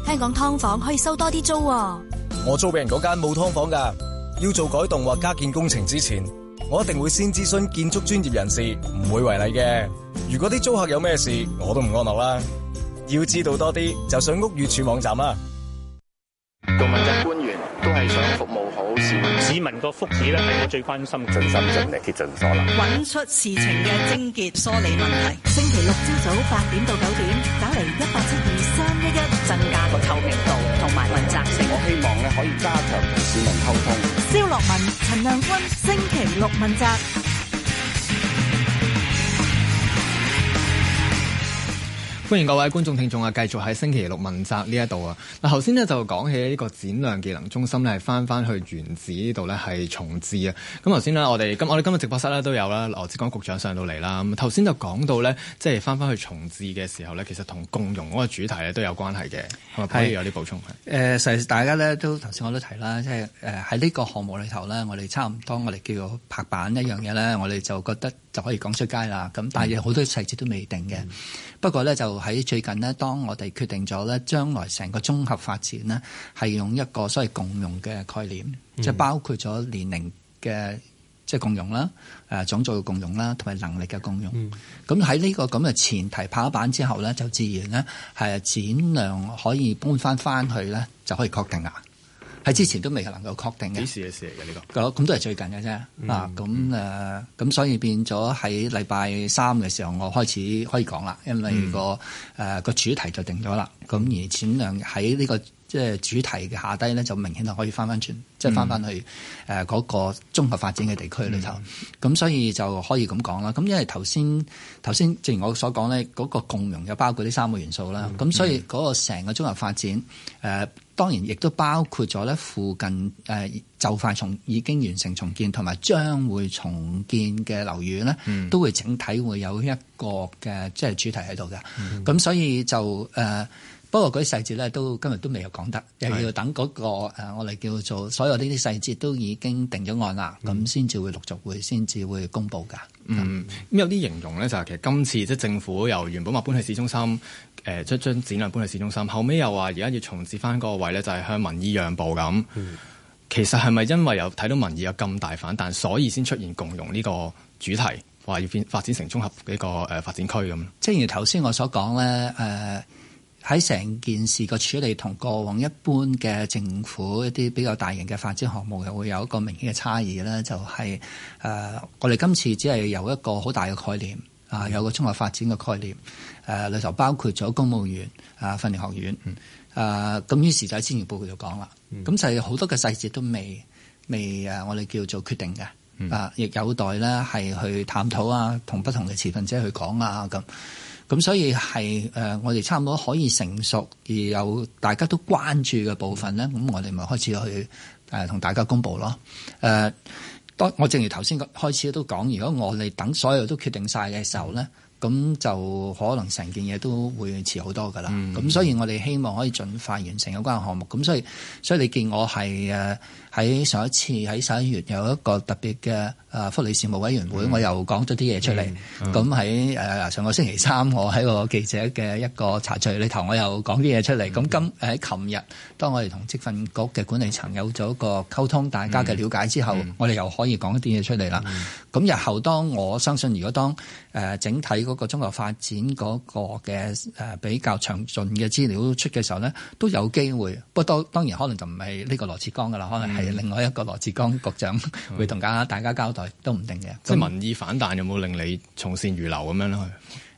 聽講劏房可以收多啲租。我租俾人嗰間冇劏房噶，要做改動或加建工程之前，我一定會先諮詢建築專業人士，唔會違例嘅。如果啲租客有咩事，我都唔安樂啦。要知道多啲，就上屋宇署網站啦。動物及官員都係想服務。市民個福祉咧係我最關心，盡心盡力竭盡所能，揾出事情嘅症結，梳理問題。星期六朝早八點到九點，打嚟一八七二三一一，增加個透明度同埋問責性。我希望咧可以加強同市民溝通。蕭洛汶、陳亮君，星期六問責。歡迎各位觀眾聽眾啊！繼續喺星期六問責呢一度啊！嗱，頭先呢就講起呢個展亮技能中心咧，係翻翻去原址呢度咧係重置啊！咁頭先呢，我哋今我哋今日直播室咧都有啦，羅致光局長上到嚟啦。咁頭先就講到咧，即係翻翻去重置嘅時候咧，其實同共融嗰個主題咧都有關係嘅，係咪可以有啲補充？誒、呃，實大家咧都頭先我都提啦，即係誒喺呢個項目裏頭咧，我哋差唔多我哋叫做拍板一樣嘢咧，我哋就覺得。就可以講出街啦。咁，但係好多細節都未定嘅、嗯。不過咧，就喺最近呢，當我哋決定咗咧，將來成個綜合發展呢，係用一個所謂共融嘅概念，嗯、即係包括咗年齡嘅即係共融啦，誒種族嘅共融啦，同埋能力嘅共融。咁喺呢個咁嘅前提拍板之後咧，就自然咧係展亮可以搬返返去咧，就可以確定啦。喺之前都未能夠確定嘅，幾時嘅事嚟嘅呢個？咁咁都係最近嘅啫、嗯。啊，咁誒，咁、呃、所以變咗喺禮拜三嘅時候，我開始可以講啦。因為、個誒個、嗯呃、主題就定咗啦。咁而展亮喺呢個即係主題嘅下低呢，就明顯就可以翻翻轉，嗯、即係翻翻去誒嗰個綜合發展嘅地區裏頭。咁、嗯、所以就可以咁講啦。咁因為頭先頭先，正如我所講呢，嗰、嗰個共融又包括呢三個元素啦。咁、嗯、所以嗰個成個綜合發展誒。嗯呃當然，亦都包括咗咧附近誒、呃、就快從已經完成重建同埋將會重建嘅樓宇咧、嗯，都會整體會有一個嘅即係主題喺度嘅。咁、嗯、所以就誒、呃，不過嗰啲細節咧都今日都未有講得，又要等嗰、嗰個我哋叫做所有呢啲細節都已經定咗案啦，咁先至會陸續會先至會公布噶。嗯，咁有啲形容咧就係、是、其實今次即係政府由原本話搬去市中心。嗯嗯誒將將展覽搬去市中心，後尾又話而家要重置翻嗰個位咧，就係、是、向民意讓步咁。嗯、其實係咪因為有睇到民意有咁大反彈，所以先出現共融呢個主題，話要變發展成綜合嘅一個誒發展區咁？正如頭先我所講咧，誒喺成件事個處理同過往一般嘅政府一啲比較大型嘅發展項目，又會有一個明顯嘅差異咧，就係、是、誒、呃、我哋今次只係有一個好大嘅概念啊、呃，有個綜合發展嘅概念。誒裏頭包括咗公務員啊訓練學院，誒、嗯、咁、啊、於是就喺先前報告就講啦，咁就係好多嘅細節都未未、啊、我哋叫做決定嘅、嗯，啊亦有待呢係去探討啊，同不同嘅持份者去講啊咁。咁所以係、啊、我哋差唔多可以成熟，而有大家都關注嘅部分咧，咁我哋咪開始去同、啊、大家公布咯。誒、啊，當我正如頭先開始都講，如果我哋等所有都決定曬嘅時候咧。咁就可能成件嘢都會遲好多噶啦，咁、嗯、所以我哋希望可以盡快完成有關項目。咁所以，所以你見我係誒喺上一次喺十一月有一個特別嘅誒福利事務委員會、嗯、我又講咗啲嘢出嚟。咁喺誒上個星期三，我喺個記者嘅一個茶敘，裏頭我又講啲嘢出嚟。咁、嗯、今誒喺琴日，當我哋同職訓局嘅管理層有咗個溝通，大家嘅了解之後，嗯嗯、我哋又可以講一啲嘢出嚟啦。咁、嗯嗯、日後當我相信，如果當誒整體嗰個中國發展嗰個嘅誒比較詳盡嘅資料出嘅時候咧，都有機會，不過當當然可能就唔係呢個羅致光噶啦，可能係另外一個羅致光局長會同大家大家交代。嗯嗯都唔定嘅，即係民意反彈有冇令你從善如流咁樣去？誒、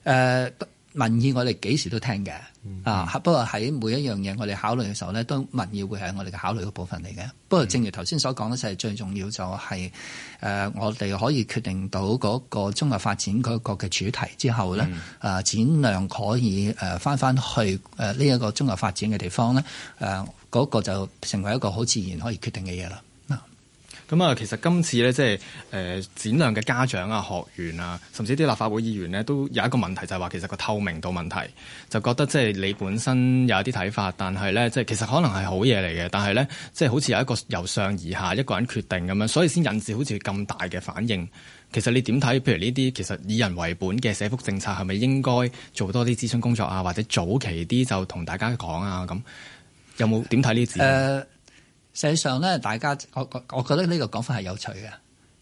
呃，民意我哋幾時都聽嘅、嗯、啊，不過喺每一樣嘢我哋考慮嘅時候咧，都民意會係我哋嘅考慮嘅部分嚟嘅。不過正如頭先所講嘅，就、嗯、係最重要就係、是、誒、呃，我哋可以決定到嗰個綜合發展嗰個嘅主題之後咧，誒、嗯，展、呃、亮可以誒翻翻去誒呢一個綜合發展嘅地方咧，誒、呃，嗰、那個就成為一個好自然可以決定嘅嘢啦。咁啊，其實今次咧，即係誒展亮嘅家長啊、學員啊，甚至啲立法會議員咧，都有一個問題，就係話其實個透明度問題，就覺得即係你本身有一啲睇法，但係咧，即係其實可能係好嘢嚟嘅，但係咧，即係好似有一個由上而下一個人決定咁樣，所以先引致好似咁大嘅反應。其實你點睇？譬如呢啲其實以人為本嘅社福政策，係咪應該做多啲諮詢工作啊，或者早期啲就同大家講啊？咁有冇點睇呢啲字？呃事實上咧，大家我我我覺得呢個講法係有趣嘅，誒、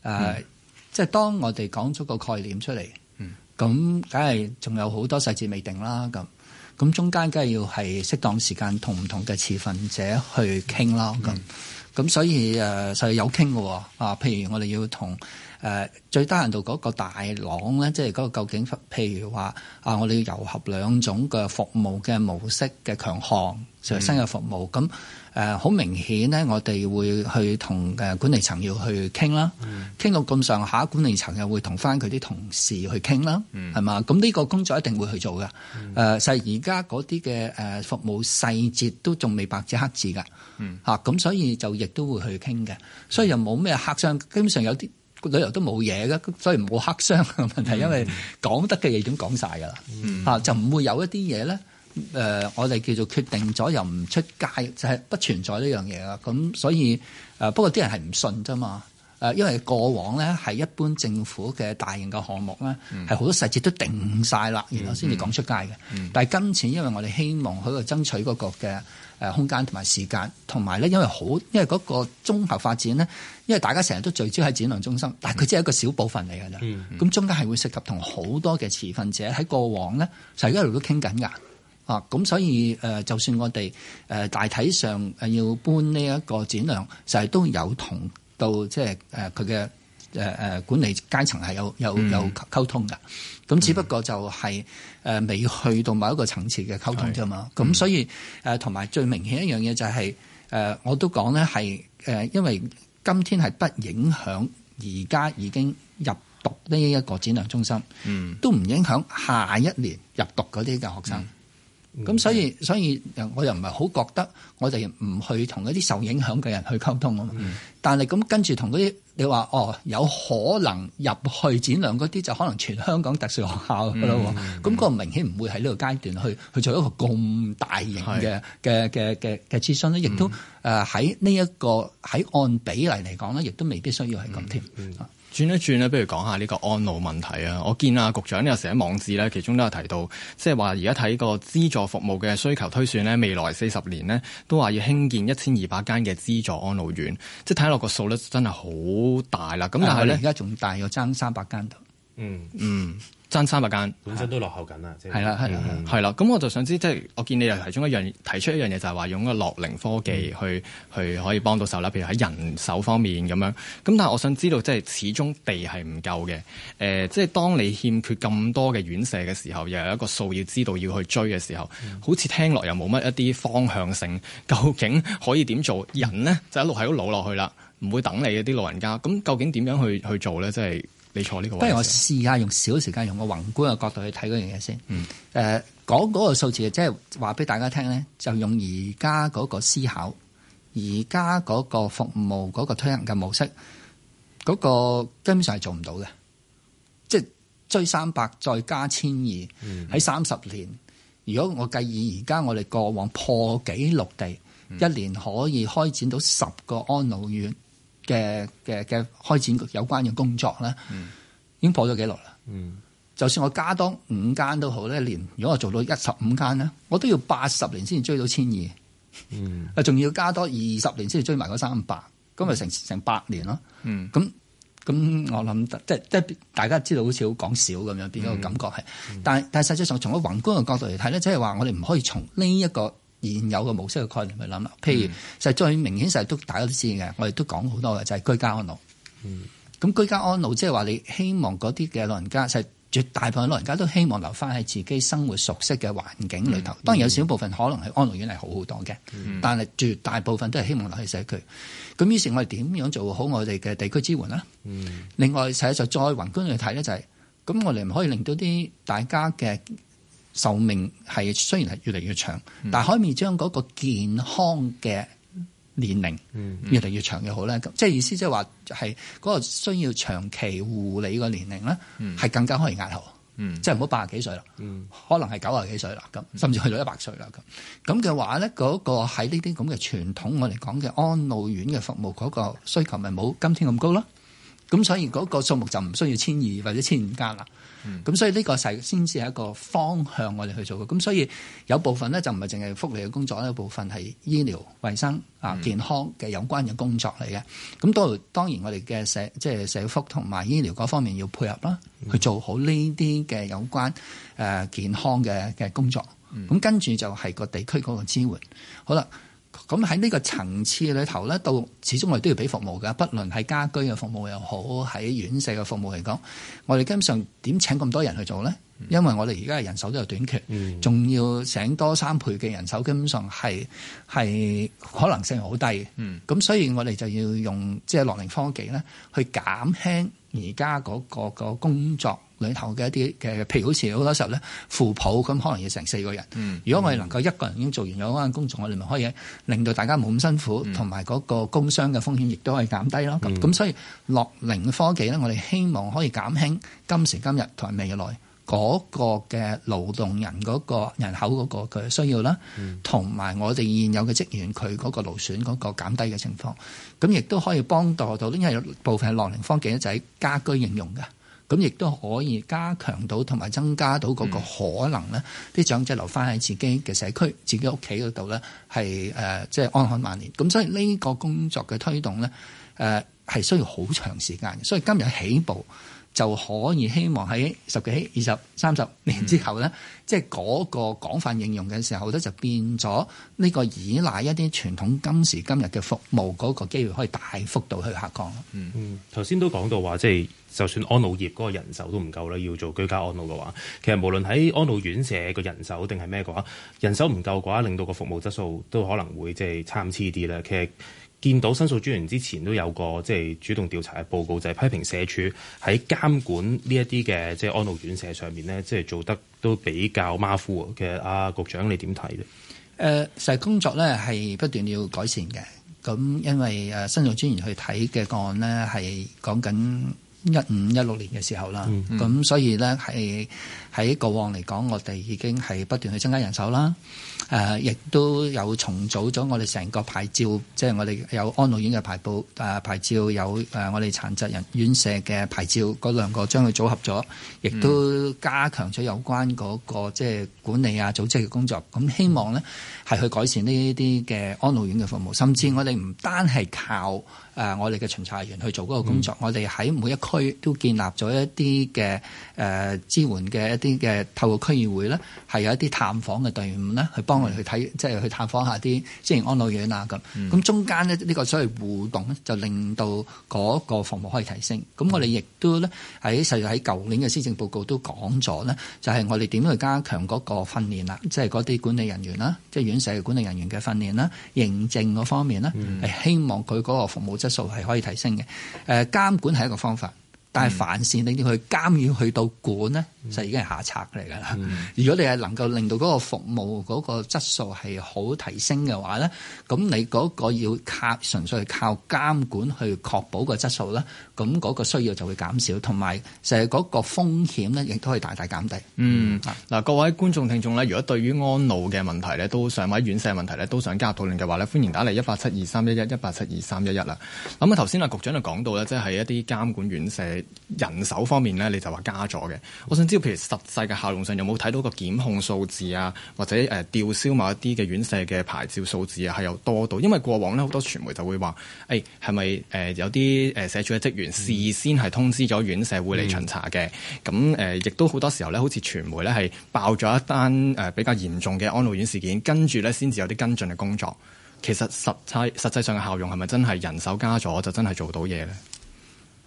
嗯呃，即係當我哋講咗個概念出嚟，咁梗係仲有好多細節未定啦，咁，咁中間梗係要係適當時間同唔同嘅持份者去傾啦咁，咁、嗯、所以誒，實有傾嘅，啊，譬如我哋要同。誒、呃、最低限度嗰個大廊咧，即係嗰個究竟譬如話啊，我哋要糅合兩種嘅服務嘅模式嘅強項就係、嗯、新嘅服務。咁誒好明顯咧，我哋會去同誒管理層要去傾啦，傾、嗯、到咁上下，管理層又會同翻佢啲同事去傾啦，係嘛、嗯？咁呢個工作一定會去做嘅。誒、嗯，實而家嗰啲嘅服務細節都仲未白紙黑字㗎。咁、嗯啊、所以就亦都會去傾嘅。所以又冇咩客障，基本上有啲。旅遊都冇嘢㗎，所以冇黑箱嘅問題，mm-hmm. (laughs) 因為講得嘅嘢已經講晒㗎啦，嚇、mm-hmm. 啊、就唔會有一啲嘢咧，誒、呃、我哋叫做決定咗又唔出街，就係、是、不存在呢樣嘢啊。咁所以誒、呃，不過啲人係唔信啫嘛。誒、呃，因為過往咧係一般政府嘅大型嘅項目咧，係、mm-hmm. 好多細節都定晒啦，然後先至講出街嘅。Mm-hmm. 但係今次因為我哋希望佢度爭取嗰個嘅誒空間同埋時間，同埋咧因為好因為嗰個綜合發展咧。因為大家成日都聚焦喺展亮中心，但佢只係一個小部分嚟㗎啦。咁、嗯嗯、中間係會涉及同好多嘅持份者喺過往咧，就係一路都傾緊㗎。啊，咁所以、呃、就算我哋誒、呃、大體上要搬呢一個展亮就係都有同到即係誒佢嘅誒管理階層係有有、嗯、有溝通㗎。咁只不過就係誒未去到某一個層次嘅溝通啫嘛。咁、嗯、所以誒，同、呃、埋最明顯一樣嘢就係、是、誒、呃，我都講咧係因為。今天係不影響而家已經入讀呢一個展亮中心，都唔影響下一年入讀嗰啲嘅學生。嗯咁、嗯、所以所以我又唔係好覺得我哋唔去同一啲受影響嘅人去溝通啊嘛、嗯，但係咁跟住同嗰啲你話哦有可能入去展亮嗰啲就可能全香港特殊學校咯。啦、嗯、咁、嗯，那個明顯唔會喺呢個階段，去去做一個咁大型嘅嘅嘅嘅嘅諮詢咧，亦都誒喺呢一個喺按比例嚟講咧，亦都未必需要係咁添轉一轉咧，不如講下呢個安老問題啊！我見啊，局長有時寫網誌咧，其中都有提到，即係話而家睇個資助服務嘅需求推算咧，未來四十年呢，都話要興建一千二百間嘅資助安老院，即係睇落個數咧，真係好大啦！咁但係咧，而家仲大約爭三百間度。嗯嗯。爭三百間，本身都落後緊啦。係啦，係、嗯、啦，係啦。咁、嗯、我就想知，即、就、係、是、我見你又提中一樣提出一樣嘢，就係、是、話用個個樂齡科技去、嗯、去可以幫到手啦。譬、嗯、如喺人手方面咁樣。咁但係我想知道，即係始終地係唔夠嘅。誒、呃，即係當你欠缺咁多嘅院舍嘅時候，又有一個數要知道要去追嘅時候，好似聽落又冇乜一啲方向性。究竟可以點做？人咧就一路喺度老落去啦，唔會等你啲老人家。咁究竟點樣去、嗯、去做咧？即、就、係、是。你個不如我試下用少時間，用個宏觀嘅角度去睇嗰樣嘢先。誒講嗰個數字，即係話俾大家聽咧，就用而家嗰個思考，而家嗰個服務嗰、嗰個推行嘅模式，嗰、嗰個根本上係做唔到嘅。即係追三百再加千二、嗯，喺三十年。如果我計議而家我哋過往破紀錄地、嗯，一年可以開展到十個安老院。嘅嘅嘅開展有關嘅工作咧，嗯，已經破咗記錄啦。嗯，就算我多加多五間都好咧，連如果我做到一十五間咧，我都要八十年先至追到千二，嗯。嗯，啊，仲要加多二十年先至追埋嗰三百，咁咪成成百年咯。嗯，咁咁我諗，即係即係大家知道好似好講少咁樣，變咗個感覺係、嗯嗯。但係但係實際上從個宏觀嘅角度嚟睇咧，即係話我哋唔可以從呢、這、一個。現有嘅模式嘅概念去諗譬如、mm. 實在是最明顯，實都大家都知嘅，我哋都講好多嘅就係、是、居家安老。咁、mm. 居家安老即係話你希望嗰啲嘅老人家，就實絕大部分老人家都希望留翻喺自己生活熟悉嘅環境裏頭。Mm. 當然有少部分可能係安老院係好好多嘅，mm. 但係絕大部分都係希望留喺社區。咁於是，我哋點樣做好我哋嘅地區支援啦？Mm. 另外，實際上再宏觀去睇咧，就係咁，我哋唔可以令到啲大家嘅。壽命係雖然係越嚟越長，嗯、但係可以將嗰個健康嘅年齡越嚟越長越好咧。即、嗯、係、嗯、意思即係話係嗰個需要長期護理嘅年齡咧，係、嗯、更加可以壓後、嗯。即係唔好八十幾歲啦、嗯，可能係九十幾歲啦，咁甚至去到一百歲啦。咁咁嘅話咧，嗰、嗰個喺呢啲咁嘅傳統我哋講嘅安老院嘅服務嗰個需求咪冇今天咁高咯。咁所以嗰個數目就唔需要千二或者千五間啦。咁、嗯、所以呢個係先至係一個方向，我哋去做嘅。咁所以有部分咧就唔係淨係福利嘅工作，有部分係醫療、衛生啊、健康嘅有關嘅工作嚟嘅。咁當然，當然我哋嘅社即係社福同埋醫療嗰方面要配合啦，嗯、去做好呢啲嘅有關誒、呃、健康嘅嘅工作。咁跟住就係個地區嗰個支援。好啦。咁喺呢個層次裏頭咧，到始終我哋都要俾服務㗎，不論係家居嘅服務又好，喺院舍嘅服務嚟講，我哋根本上點請咁多人去做咧？因為我哋而家嘅人手都有短缺，仲、嗯、要醒多三倍嘅人手，基本上係係可能性好低。咁、嗯、所以，我哋就要用即係樂靈科技咧，去減輕而家嗰個工作裏頭嘅一啲嘅。譬如好似好多時候咧，附普咁，可能要成四個人。嗯、如果我哋能夠一個人已經做完咗嗰間工作，嗯、我哋咪可以令到大家冇咁辛苦，同埋嗰個工傷嘅風險亦都可以減低咯。咁、嗯、所以樂齡科技咧，我哋希望可以減輕今時今日同埋未來。嗰、那個嘅勞動人嗰個人口嗰個佢需要啦，同、嗯、埋我哋現有嘅職員佢嗰個勞損嗰個減低嘅情況，咁亦都可以幫助到，因為有部分係六零方幾多仔家居應用嘅，咁亦都可以加強到同埋增加到嗰個可能咧，啲長者留翻喺自己嘅社區、嗯、自己屋企嗰度咧，係誒即係安享晚年。咁所以呢個工作嘅推動咧，誒、呃、係需要好長時間嘅，所以今日起步。就可以希望喺十幾、二十三十年之後咧，嗯、即係嗰個廣泛應用嘅時候咧，就變咗呢個依賴一啲傳統今時今日嘅服務嗰個機會，可以大幅度去下降嗯，嗯，頭先都講到話，即係就算安老業嗰個人手都唔夠啦，要做居家安老嘅話，其實無論喺安老院舍個人手定係咩嘅話，人手唔夠嘅話，令到個服務質素都可能會即係參差啲啦。其實見到申訴專員之前都有個即係主動調查嘅報告，就係、是、批評社署喺監管呢一啲嘅即係安老院舍上面呢，即係做得都比較馬虎。嘅。其實啊，局長你點睇呢？誒、呃，實在工作咧係不斷要改善嘅。咁因為誒申訴專員去睇嘅個案呢，係講緊一五一六年嘅時候啦，咁、嗯、所以咧係喺過往嚟講，我哋已經係不斷去增加人手啦。誒、呃，亦都有重組咗我哋成個牌照，即係我哋有安老院嘅牌照，牌照有、呃、我哋殘疾人院舍嘅牌照，嗰兩個將佢組合咗，亦都加強咗有關嗰、嗰個即係管理啊、組織嘅工作。咁希望呢係去改善呢啲嘅安老院嘅服務，甚至我哋唔單係靠誒、呃，我哋嘅巡查員去做嗰個工作，嗯、我哋喺每一區都建立咗一啲嘅誒支援嘅一啲嘅透過區議會咧，係有一啲探訪嘅隊伍咧，去幫我哋去睇，即、嗯、係、就是、去探訪下啲即係安老院啊咁。咁、嗯、中間咧呢、這個所謂互動咧，就令到嗰個服務可以提升。咁我哋亦都咧喺實在喺舊年嘅施政報告都講咗咧，就係、是、我哋點去加強嗰個訓練啦，即係嗰啲管理人員啦，即、就、係、是、院舍嘅管理人員嘅訓練啦、認證嗰方面呢，係希望佢嗰個服務。質素係可以提升嘅，誒，監管係一個方法，但係凡事你要去監要去到管咧。嗯就、嗯、已經係下策嚟㗎啦。如果你係能夠令到嗰個服務嗰個質素係好提升嘅話咧，咁你嗰個要靠純粹係靠監管去確保個質素咧，咁嗰個需要就會減少，同埋就係嗰個風險咧，亦都可以大大減低。嗯，嗱，各位觀眾聽眾咧，如果對於安老嘅問題咧，都想喺院舍問題咧，都想加入討論嘅話咧，歡迎打嚟一八七二三一一一八七二三一一啦。咁啊，頭先啊，局長就講到咧，即係一啲監管院舍人手方面咧，你就話加咗嘅。我想即係譬如實際嘅效用上，有冇睇到個檢控數字啊？或者誒、呃、吊銷某一啲嘅院舍嘅牌照數字啊，係有多到？因為過往呢，好多傳媒就會話：誒係咪誒有啲誒社署嘅職員事先係通知咗院舍會嚟巡查嘅？咁、嗯、誒、呃、亦都好多時候咧，好似傳媒咧係爆咗一單誒、呃、比較嚴重嘅安老院事件，呢才跟住咧先至有啲跟進嘅工作。其實實際實際上嘅效用係咪真係人手加咗就真係做到嘢咧？誒、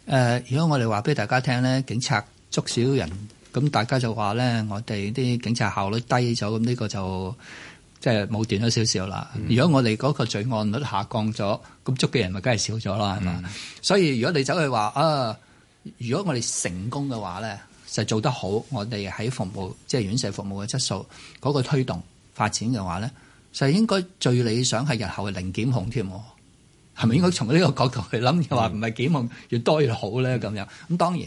呃，如果我哋話俾大家聽咧，警察捉少人。咁大家就話咧，我哋啲警察效率低咗，咁呢個就即係冇短咗少少啦。如果我哋嗰個罪案率下降咗，咁捉嘅人咪梗係少咗啦，係嘛、嗯？所以如果你走去話啊，如果我哋成功嘅話咧，就係、做得好，我哋喺服務即係、就係、院舍服務嘅質素嗰個推動發展嘅話咧，就係、應該最理想係日後零檢控添喎，係咪應該從呢個角度去諗？話唔係檢控越多越好咧，咁樣咁當然。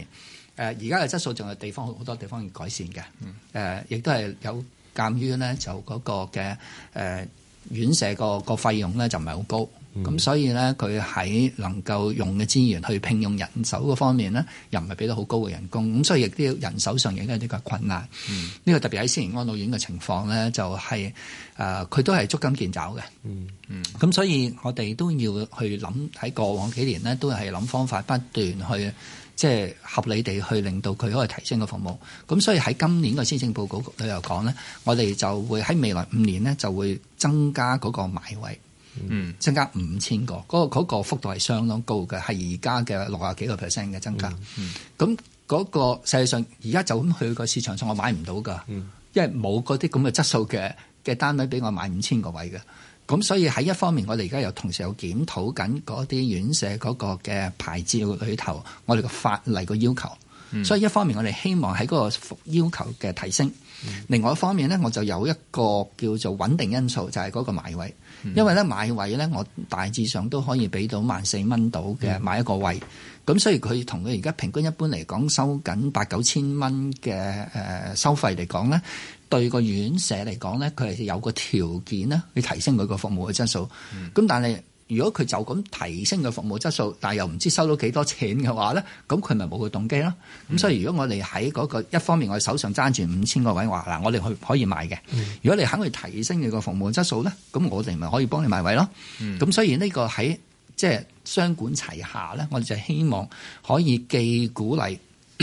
誒而家嘅質素仲有地方好多地方要改善嘅，誒、呃、亦都係有鑑於咧就嗰個嘅誒、呃、院舍個個費用咧就唔係好高，咁、嗯、所以咧佢喺能夠用嘅資源去聘用人手嗰方面咧，又唔係俾到好高嘅人工，咁所以亦都要人手上亦都係比較困難。呢、嗯、個特別喺先營安老院嘅情況咧，就係誒佢都係捉襟見肘嘅。嗯嗯，咁所以我哋都要去諗喺過往幾年呢，都係諗方法不斷去。即係合理地去令到佢可以提升個服務，咁所以喺今年個施政報告裏頭講咧，我哋就會喺未來五年咧就會增加嗰個買位，嗯，增加五千個嗰、那個幅度係相當高嘅,係而家嘅六十幾個 percent 嘅增加。咁、那、嗰個世界上而家就咁去個市場上，我買唔到噶，因為冇嗰啲咁嘅質素嘅嘅單位俾我買五千個位嘅。咁所以喺一方面，我哋而家又同時有檢討緊嗰啲院舍嗰個嘅牌照裏頭，我哋嘅法例個要求、嗯。所以一方面我哋希望喺嗰個要求嘅提升、嗯，另外一方面咧，我就有一個叫做穩定因素，就係、是、嗰個買位。嗯、因為咧買位咧，我大致上都可以俾到萬四蚊到嘅買一個位。咁、嗯、所以佢同佢而家平均一般嚟講收緊八九千蚊嘅誒收費嚟講咧。對個院舍嚟講咧，佢係有個條件啦，去提升佢個服務嘅質素。咁、嗯、但係，如果佢就咁提升佢服務質素，但又唔知收到幾多錢嘅話咧，咁佢咪冇個動機咯。咁、嗯、所以，如果我哋喺嗰個一方面我，我哋手上揸住五千個位，話嗱，我哋去可以買嘅、嗯。如果你肯去提升你個服務質素咧，咁我哋咪可以幫你買位咯。咁、嗯、所以呢個喺即係雙管齊下咧，我哋就希望可以既鼓勵。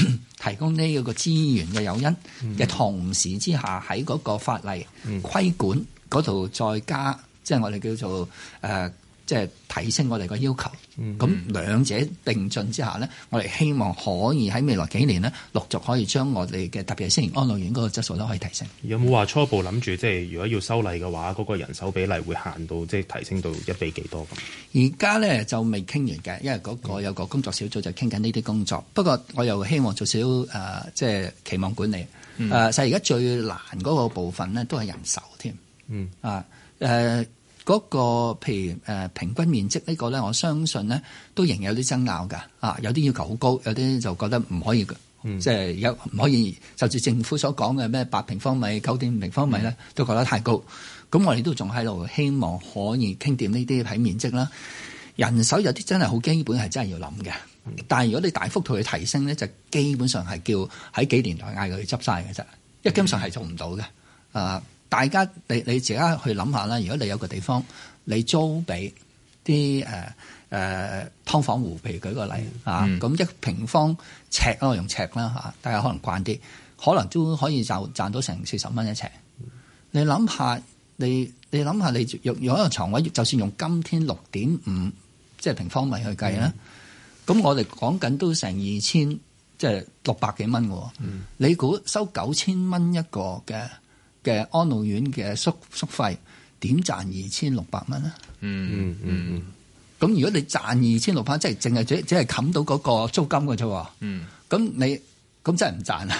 (coughs) 提供呢一個資源嘅誘因嘅同時之下，喺嗰個法例規管嗰度再加，即係我哋叫做誒。呃即係提升我哋個要求，咁兩者並進之下呢、嗯，我哋希望可以喺未來幾年呢，陸續可以將我哋嘅特別係先賢安老院嗰個質素都可以提升。有冇話初步諗住？即係如果要修例嘅話，嗰、嗰個人手比例會限到即係提升到一比幾多咁？而家呢就未傾完嘅，因為嗰個有個工作小組就傾緊呢啲工作。不過我又希望做少、呃、即係期望管理誒。係而家最難嗰個部分呢，都係人手添、啊。嗯啊、呃嗰、那個譬如誒、呃、平均面積個呢個咧，我相信呢都仍有啲爭拗㗎，啊有啲要求好高，有啲就覺得唔可以即係、嗯就是、有唔可以就住政府所講嘅咩八平方米、九點五平方米咧、嗯，都覺得太高。咁我哋都仲喺度希望可以傾掂呢啲喺面積啦。人手有啲真係好基本係真係要諗嘅、嗯，但如果你大幅度去提升呢，就基本上係叫喺幾年內嗌佢去執晒嘅啫，一經常係做唔到嘅啊。大家你你自己去諗下啦。如果你有個地方，你租俾啲誒誒劏房戶，譬如舉個例、嗯、啊，咁一平方尺咯，我用尺啦、啊、大家可能慣啲，可能都可以就賺賺到成四十蚊一尺。你諗下，你你諗下，你用一,一個床位，就算用今天六點五即係平方米去計啦，咁、嗯、我哋講緊都成二千即係六百幾蚊喎。你估收九千蚊一個嘅？嘅安老院嘅宿宿費點賺二千六百蚊啊？嗯嗯嗯，咁、嗯嗯、如果你賺二千六百，即係淨係只只係冚到嗰個租金嘅啫。嗯，咁你咁真係唔賺啊？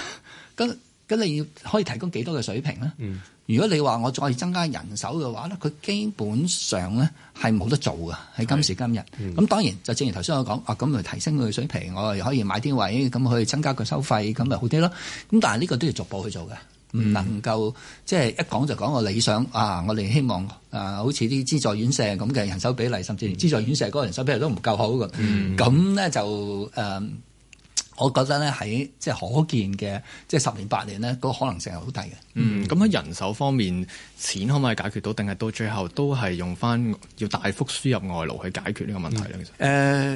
咁 (laughs) 咁你要可以提供幾多嘅水平咧、嗯？如果你話我再增加人手嘅話咧，佢基本上咧係冇得做㗎。喺今時今日。咁、嗯、當然就正如頭先我講，啊咁嚟提升佢嘅水平，我又可以買啲位，咁去增加個收費，咁咪好啲咯。咁但係呢個都要逐步去做嘅。唔能夠即係一講就講個理想啊！我哋希望誒、啊，好似啲資助院舍咁嘅人手比例，甚至連資助院舍嗰個人手比例都唔夠好嘅。咁咧、嗯、就誒、呃，我覺得呢，喺即係可見嘅，即係十年八年呢，嗰、那個、可能性係好低嘅。咁喺、嗯、人手方面，錢可唔可以解決到？定係到最後都係用返要大幅輸入外勞去解決呢個問題呢？其實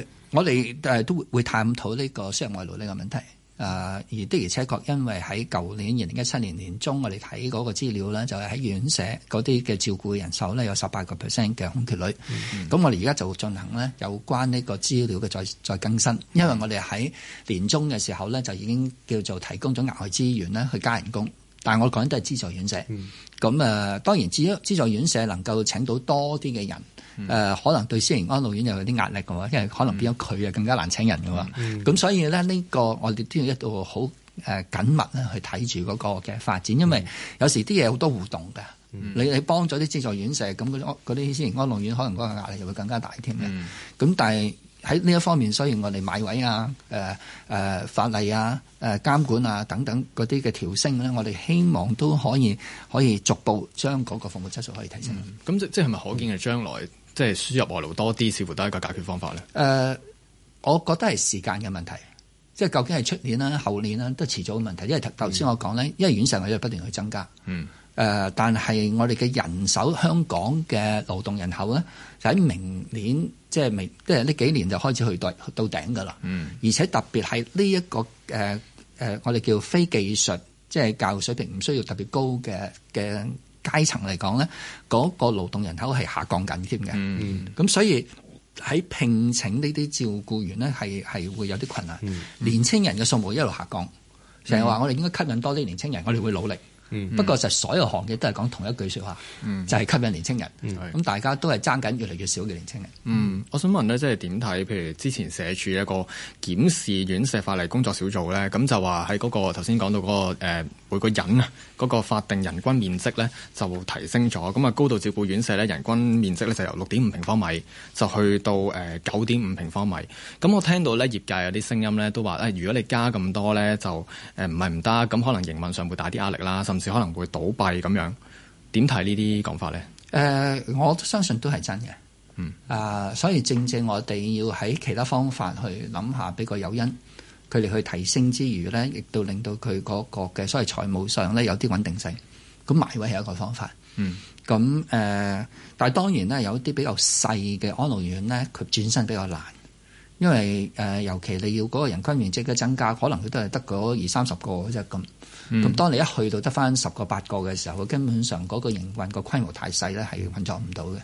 誒，我哋誒都會會探討呢個輸入外勞呢個問題。啊！而的而且確，因為喺舊年二零一七年年中我，嗯嗯我哋睇嗰個資料呢，就係喺院舍嗰啲嘅照顧人手呢，有十八個 percent 嘅空缺率。咁我哋而家就進行呢有關呢個資料嘅再再更新，因為我哋喺年中嘅時候呢，就已經叫做提供咗額外資源呢，去加人工。但係我講緊都係資助院社，咁、嗯、誒、嗯、當然資助院社能夠請到多啲嘅人，誒、嗯呃、可能對私人安老院又有啲壓力嘅喎，因為可能變咗佢又更加難請人嘅喎，咁、嗯嗯、所以咧呢、呢個我哋都要一路好誒緊密咧去睇住嗰個嘅發展，因為有時啲嘢好多互動嘅、嗯，你你幫咗啲資助院社，咁嗰啲私人安老院可能嗰個壓力就會更加大添嘅，咁、嗯、但係。喺呢一方面，所以我哋買位啊、誒、呃、誒、呃、法例啊、誒、呃、監管啊等等嗰啲嘅調升咧，我哋希望都可以可以逐步將嗰個服務質素可以提升。咁、嗯、即即係咪可見嘅將來即係、嗯就是、輸入外勞多啲，似乎都係一個解決方法咧？誒、呃，我覺得係時間嘅問題，即係究竟係出年啦、後年啦，都遲早嘅問題。因為頭頭先我講咧、嗯，因為院程我哋不斷去增加。嗯。誒、呃，但係我哋嘅人手，香港嘅勞動人口咧，就喺明年，即係明，即係呢幾年就開始去到到頂噶啦。嗯。而且特別係呢一個誒誒、呃呃，我哋叫非技術，即係教育水平唔需要特別高嘅嘅階層嚟講咧，嗰、那個勞動人口係下降緊添嘅。嗯。咁所以喺聘請呢啲照顧員咧，係係會有啲困難。嗯。年青人嘅數目一路下降，成日話我哋應該吸引多啲年青人，我哋會努力。嗯，不過其實所有行業都係講同一句説話，嗯、就係、是、吸引年青人。咁大家都係爭緊越嚟越少嘅年青人。嗯，我想問呢，即係點睇？譬如之前社署一個檢視院舍法例工作小組呢，咁就話喺嗰個頭先講到嗰、那個誒、呃、每個人啊，嗰、那個法定人均面積呢就提升咗。咁啊，高度照顧院舍呢，人均面積呢就由六點五平方米就去到誒九點五平方米。咁我聽到呢業界有啲聲音呢，都話誒，如果你加咁多呢，就誒唔係唔得，咁可能營運上會大啲壓力啦，甚至。可能會倒閉咁樣，點睇呢啲講法咧？誒，我相信都係真嘅，嗯啊，所以正正我哋要喺其他方法去諗下俾個誘因佢哋去提升之餘咧，亦都令到佢嗰個嘅所謂財務上咧有啲穩定性，咁買位係一個方法，嗯，咁誒、呃，但係當然咧有啲比較細嘅安老院咧，佢轉身比較難，因為誒、呃，尤其你要嗰個人均面積嘅增加，可能佢都係得嗰二三十個啫咁。咁、嗯、當你一去到得返十個八個嘅時候，根本上嗰個營運個規模太細咧，係運作唔到嘅。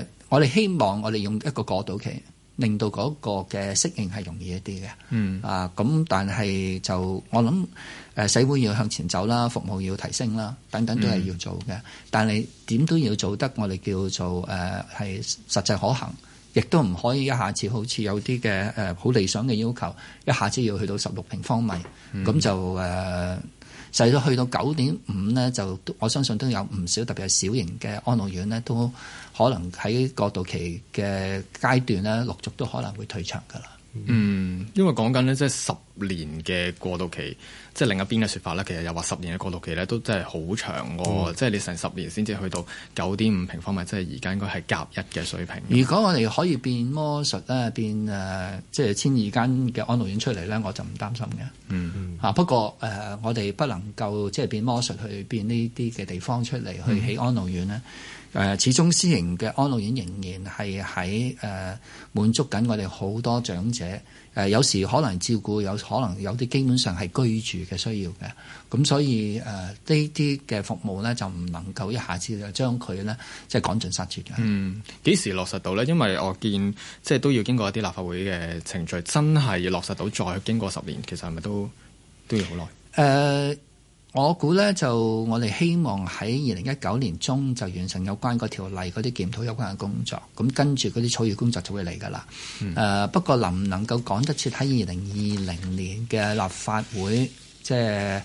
誒，我哋希望我哋用一個過渡期，令到嗰個嘅適應係容易一啲嘅。嗯啊，咁但係就我諗誒、呃，社會要向前走啦，服務要提升啦，等等都係要做嘅、嗯。但係點都要做得，我哋叫做誒係、呃、實際可行。亦都唔可以一下子好似有啲嘅誒好理想嘅要求，一下子要去到十六平方米，咁、嗯、就誒，細、呃、到去到九點五咧，就我相信都有唔少特別係小型嘅安老院咧，都可能喺過渡期嘅階段咧，陸續都可能會退場㗎啦。嗯，因為講緊呢，即係十年嘅過渡期，即係另一邊嘅說法咧，其實又話十年嘅過渡期咧，都真係好長喎。嗯，即係你成十年先至去到九點五平方米，即係而家應該係甲一嘅水平。如果我哋可以變魔術咧，變誒、呃、即係千二間嘅安老院出嚟咧，我就唔擔心嘅。嗯嗯。嚇，不過誒、呃，我哋不能夠即係變魔術去變呢啲嘅地方出嚟去起安老院咧。嗯。誒、呃，始終私營嘅安老院仍然係喺誒滿足緊我哋好多長者誒、呃，有時可能照顧有可能有啲基本上係居住嘅需要嘅，咁所以誒呢啲嘅服務咧就唔能夠一下子將它呢就將佢咧即係趕盡殺絕嘅。嗯，幾時落實到咧？因為我見即係都要經過一啲立法會嘅程序，真係要落實到再經過十年，其實係咪都都要好耐？呃我估咧就我哋希望喺二零一九年中就完成有關嗰條例嗰啲檢討有關嘅工作，咁跟住嗰啲草擬工作就會嚟噶啦。誒、嗯 uh, 不過能唔能夠講得切喺二零二零年嘅立法會，即係？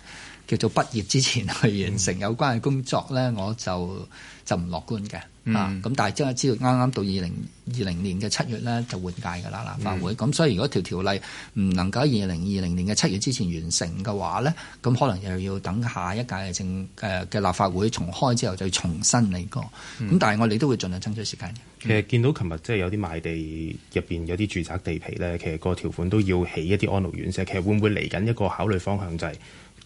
叫做畢業之前去完成有關嘅工作咧、嗯，我就就唔樂觀嘅啊。咁、嗯、但係，即係知道啱啱到二零二零年嘅七月咧，就換屆噶啦立法會。咁、嗯、所以，如果條條例唔能夠喺二零二零年嘅七月之前完成嘅話咧，咁可能又要等下一屆政嘅立法會重開之後，就要重新嚟過。咁、嗯、但係，我哋都會盡量爭取時間。嗯、其實見到琴日即係有啲賣地入面有啲住宅地皮咧，其實個條款都要起一啲安老院舍。其實會唔會嚟緊一個考慮方向就係、是？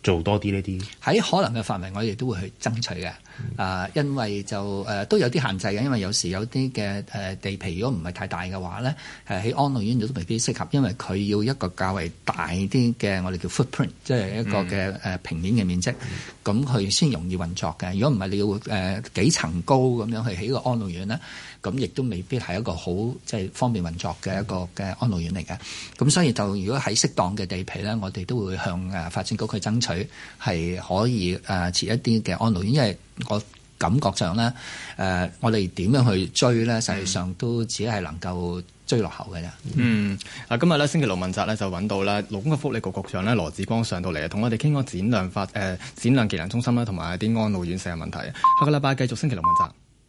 做多啲呢啲，喺可能嘅範圍，我哋都會去爭取嘅。啊，因為就誒、啊、都有啲限制嘅，因為有時有啲嘅地皮如果唔係太大嘅話咧，誒、啊、起安老院都未必適合，因為佢要一個較為大啲嘅我哋叫 footprint，即係一個嘅平面嘅面積，咁佢先容易運作嘅。如果唔係你要、啊、幾層高咁樣去起個安老院咧，咁亦都未必係一個好即係方便運作嘅一個嘅安老院嚟嘅。咁所以就如果喺適當嘅地皮咧，我哋都會向誒、啊、發展局去爭取係可以誒、啊、設一啲嘅安老院，因為我感覺上呢，誒、呃，我哋點樣去追呢？實際上都只係能夠追落後嘅啫。嗯，嗱、嗯，今日呢星期六問責呢，就揾到啦，勞工及福利局局長呢羅致光上到嚟，同我哋傾過展亮法，誒、呃、展亮技能中心啦同埋啲安老院舍嘅問題。下個禮拜繼續星期六問責。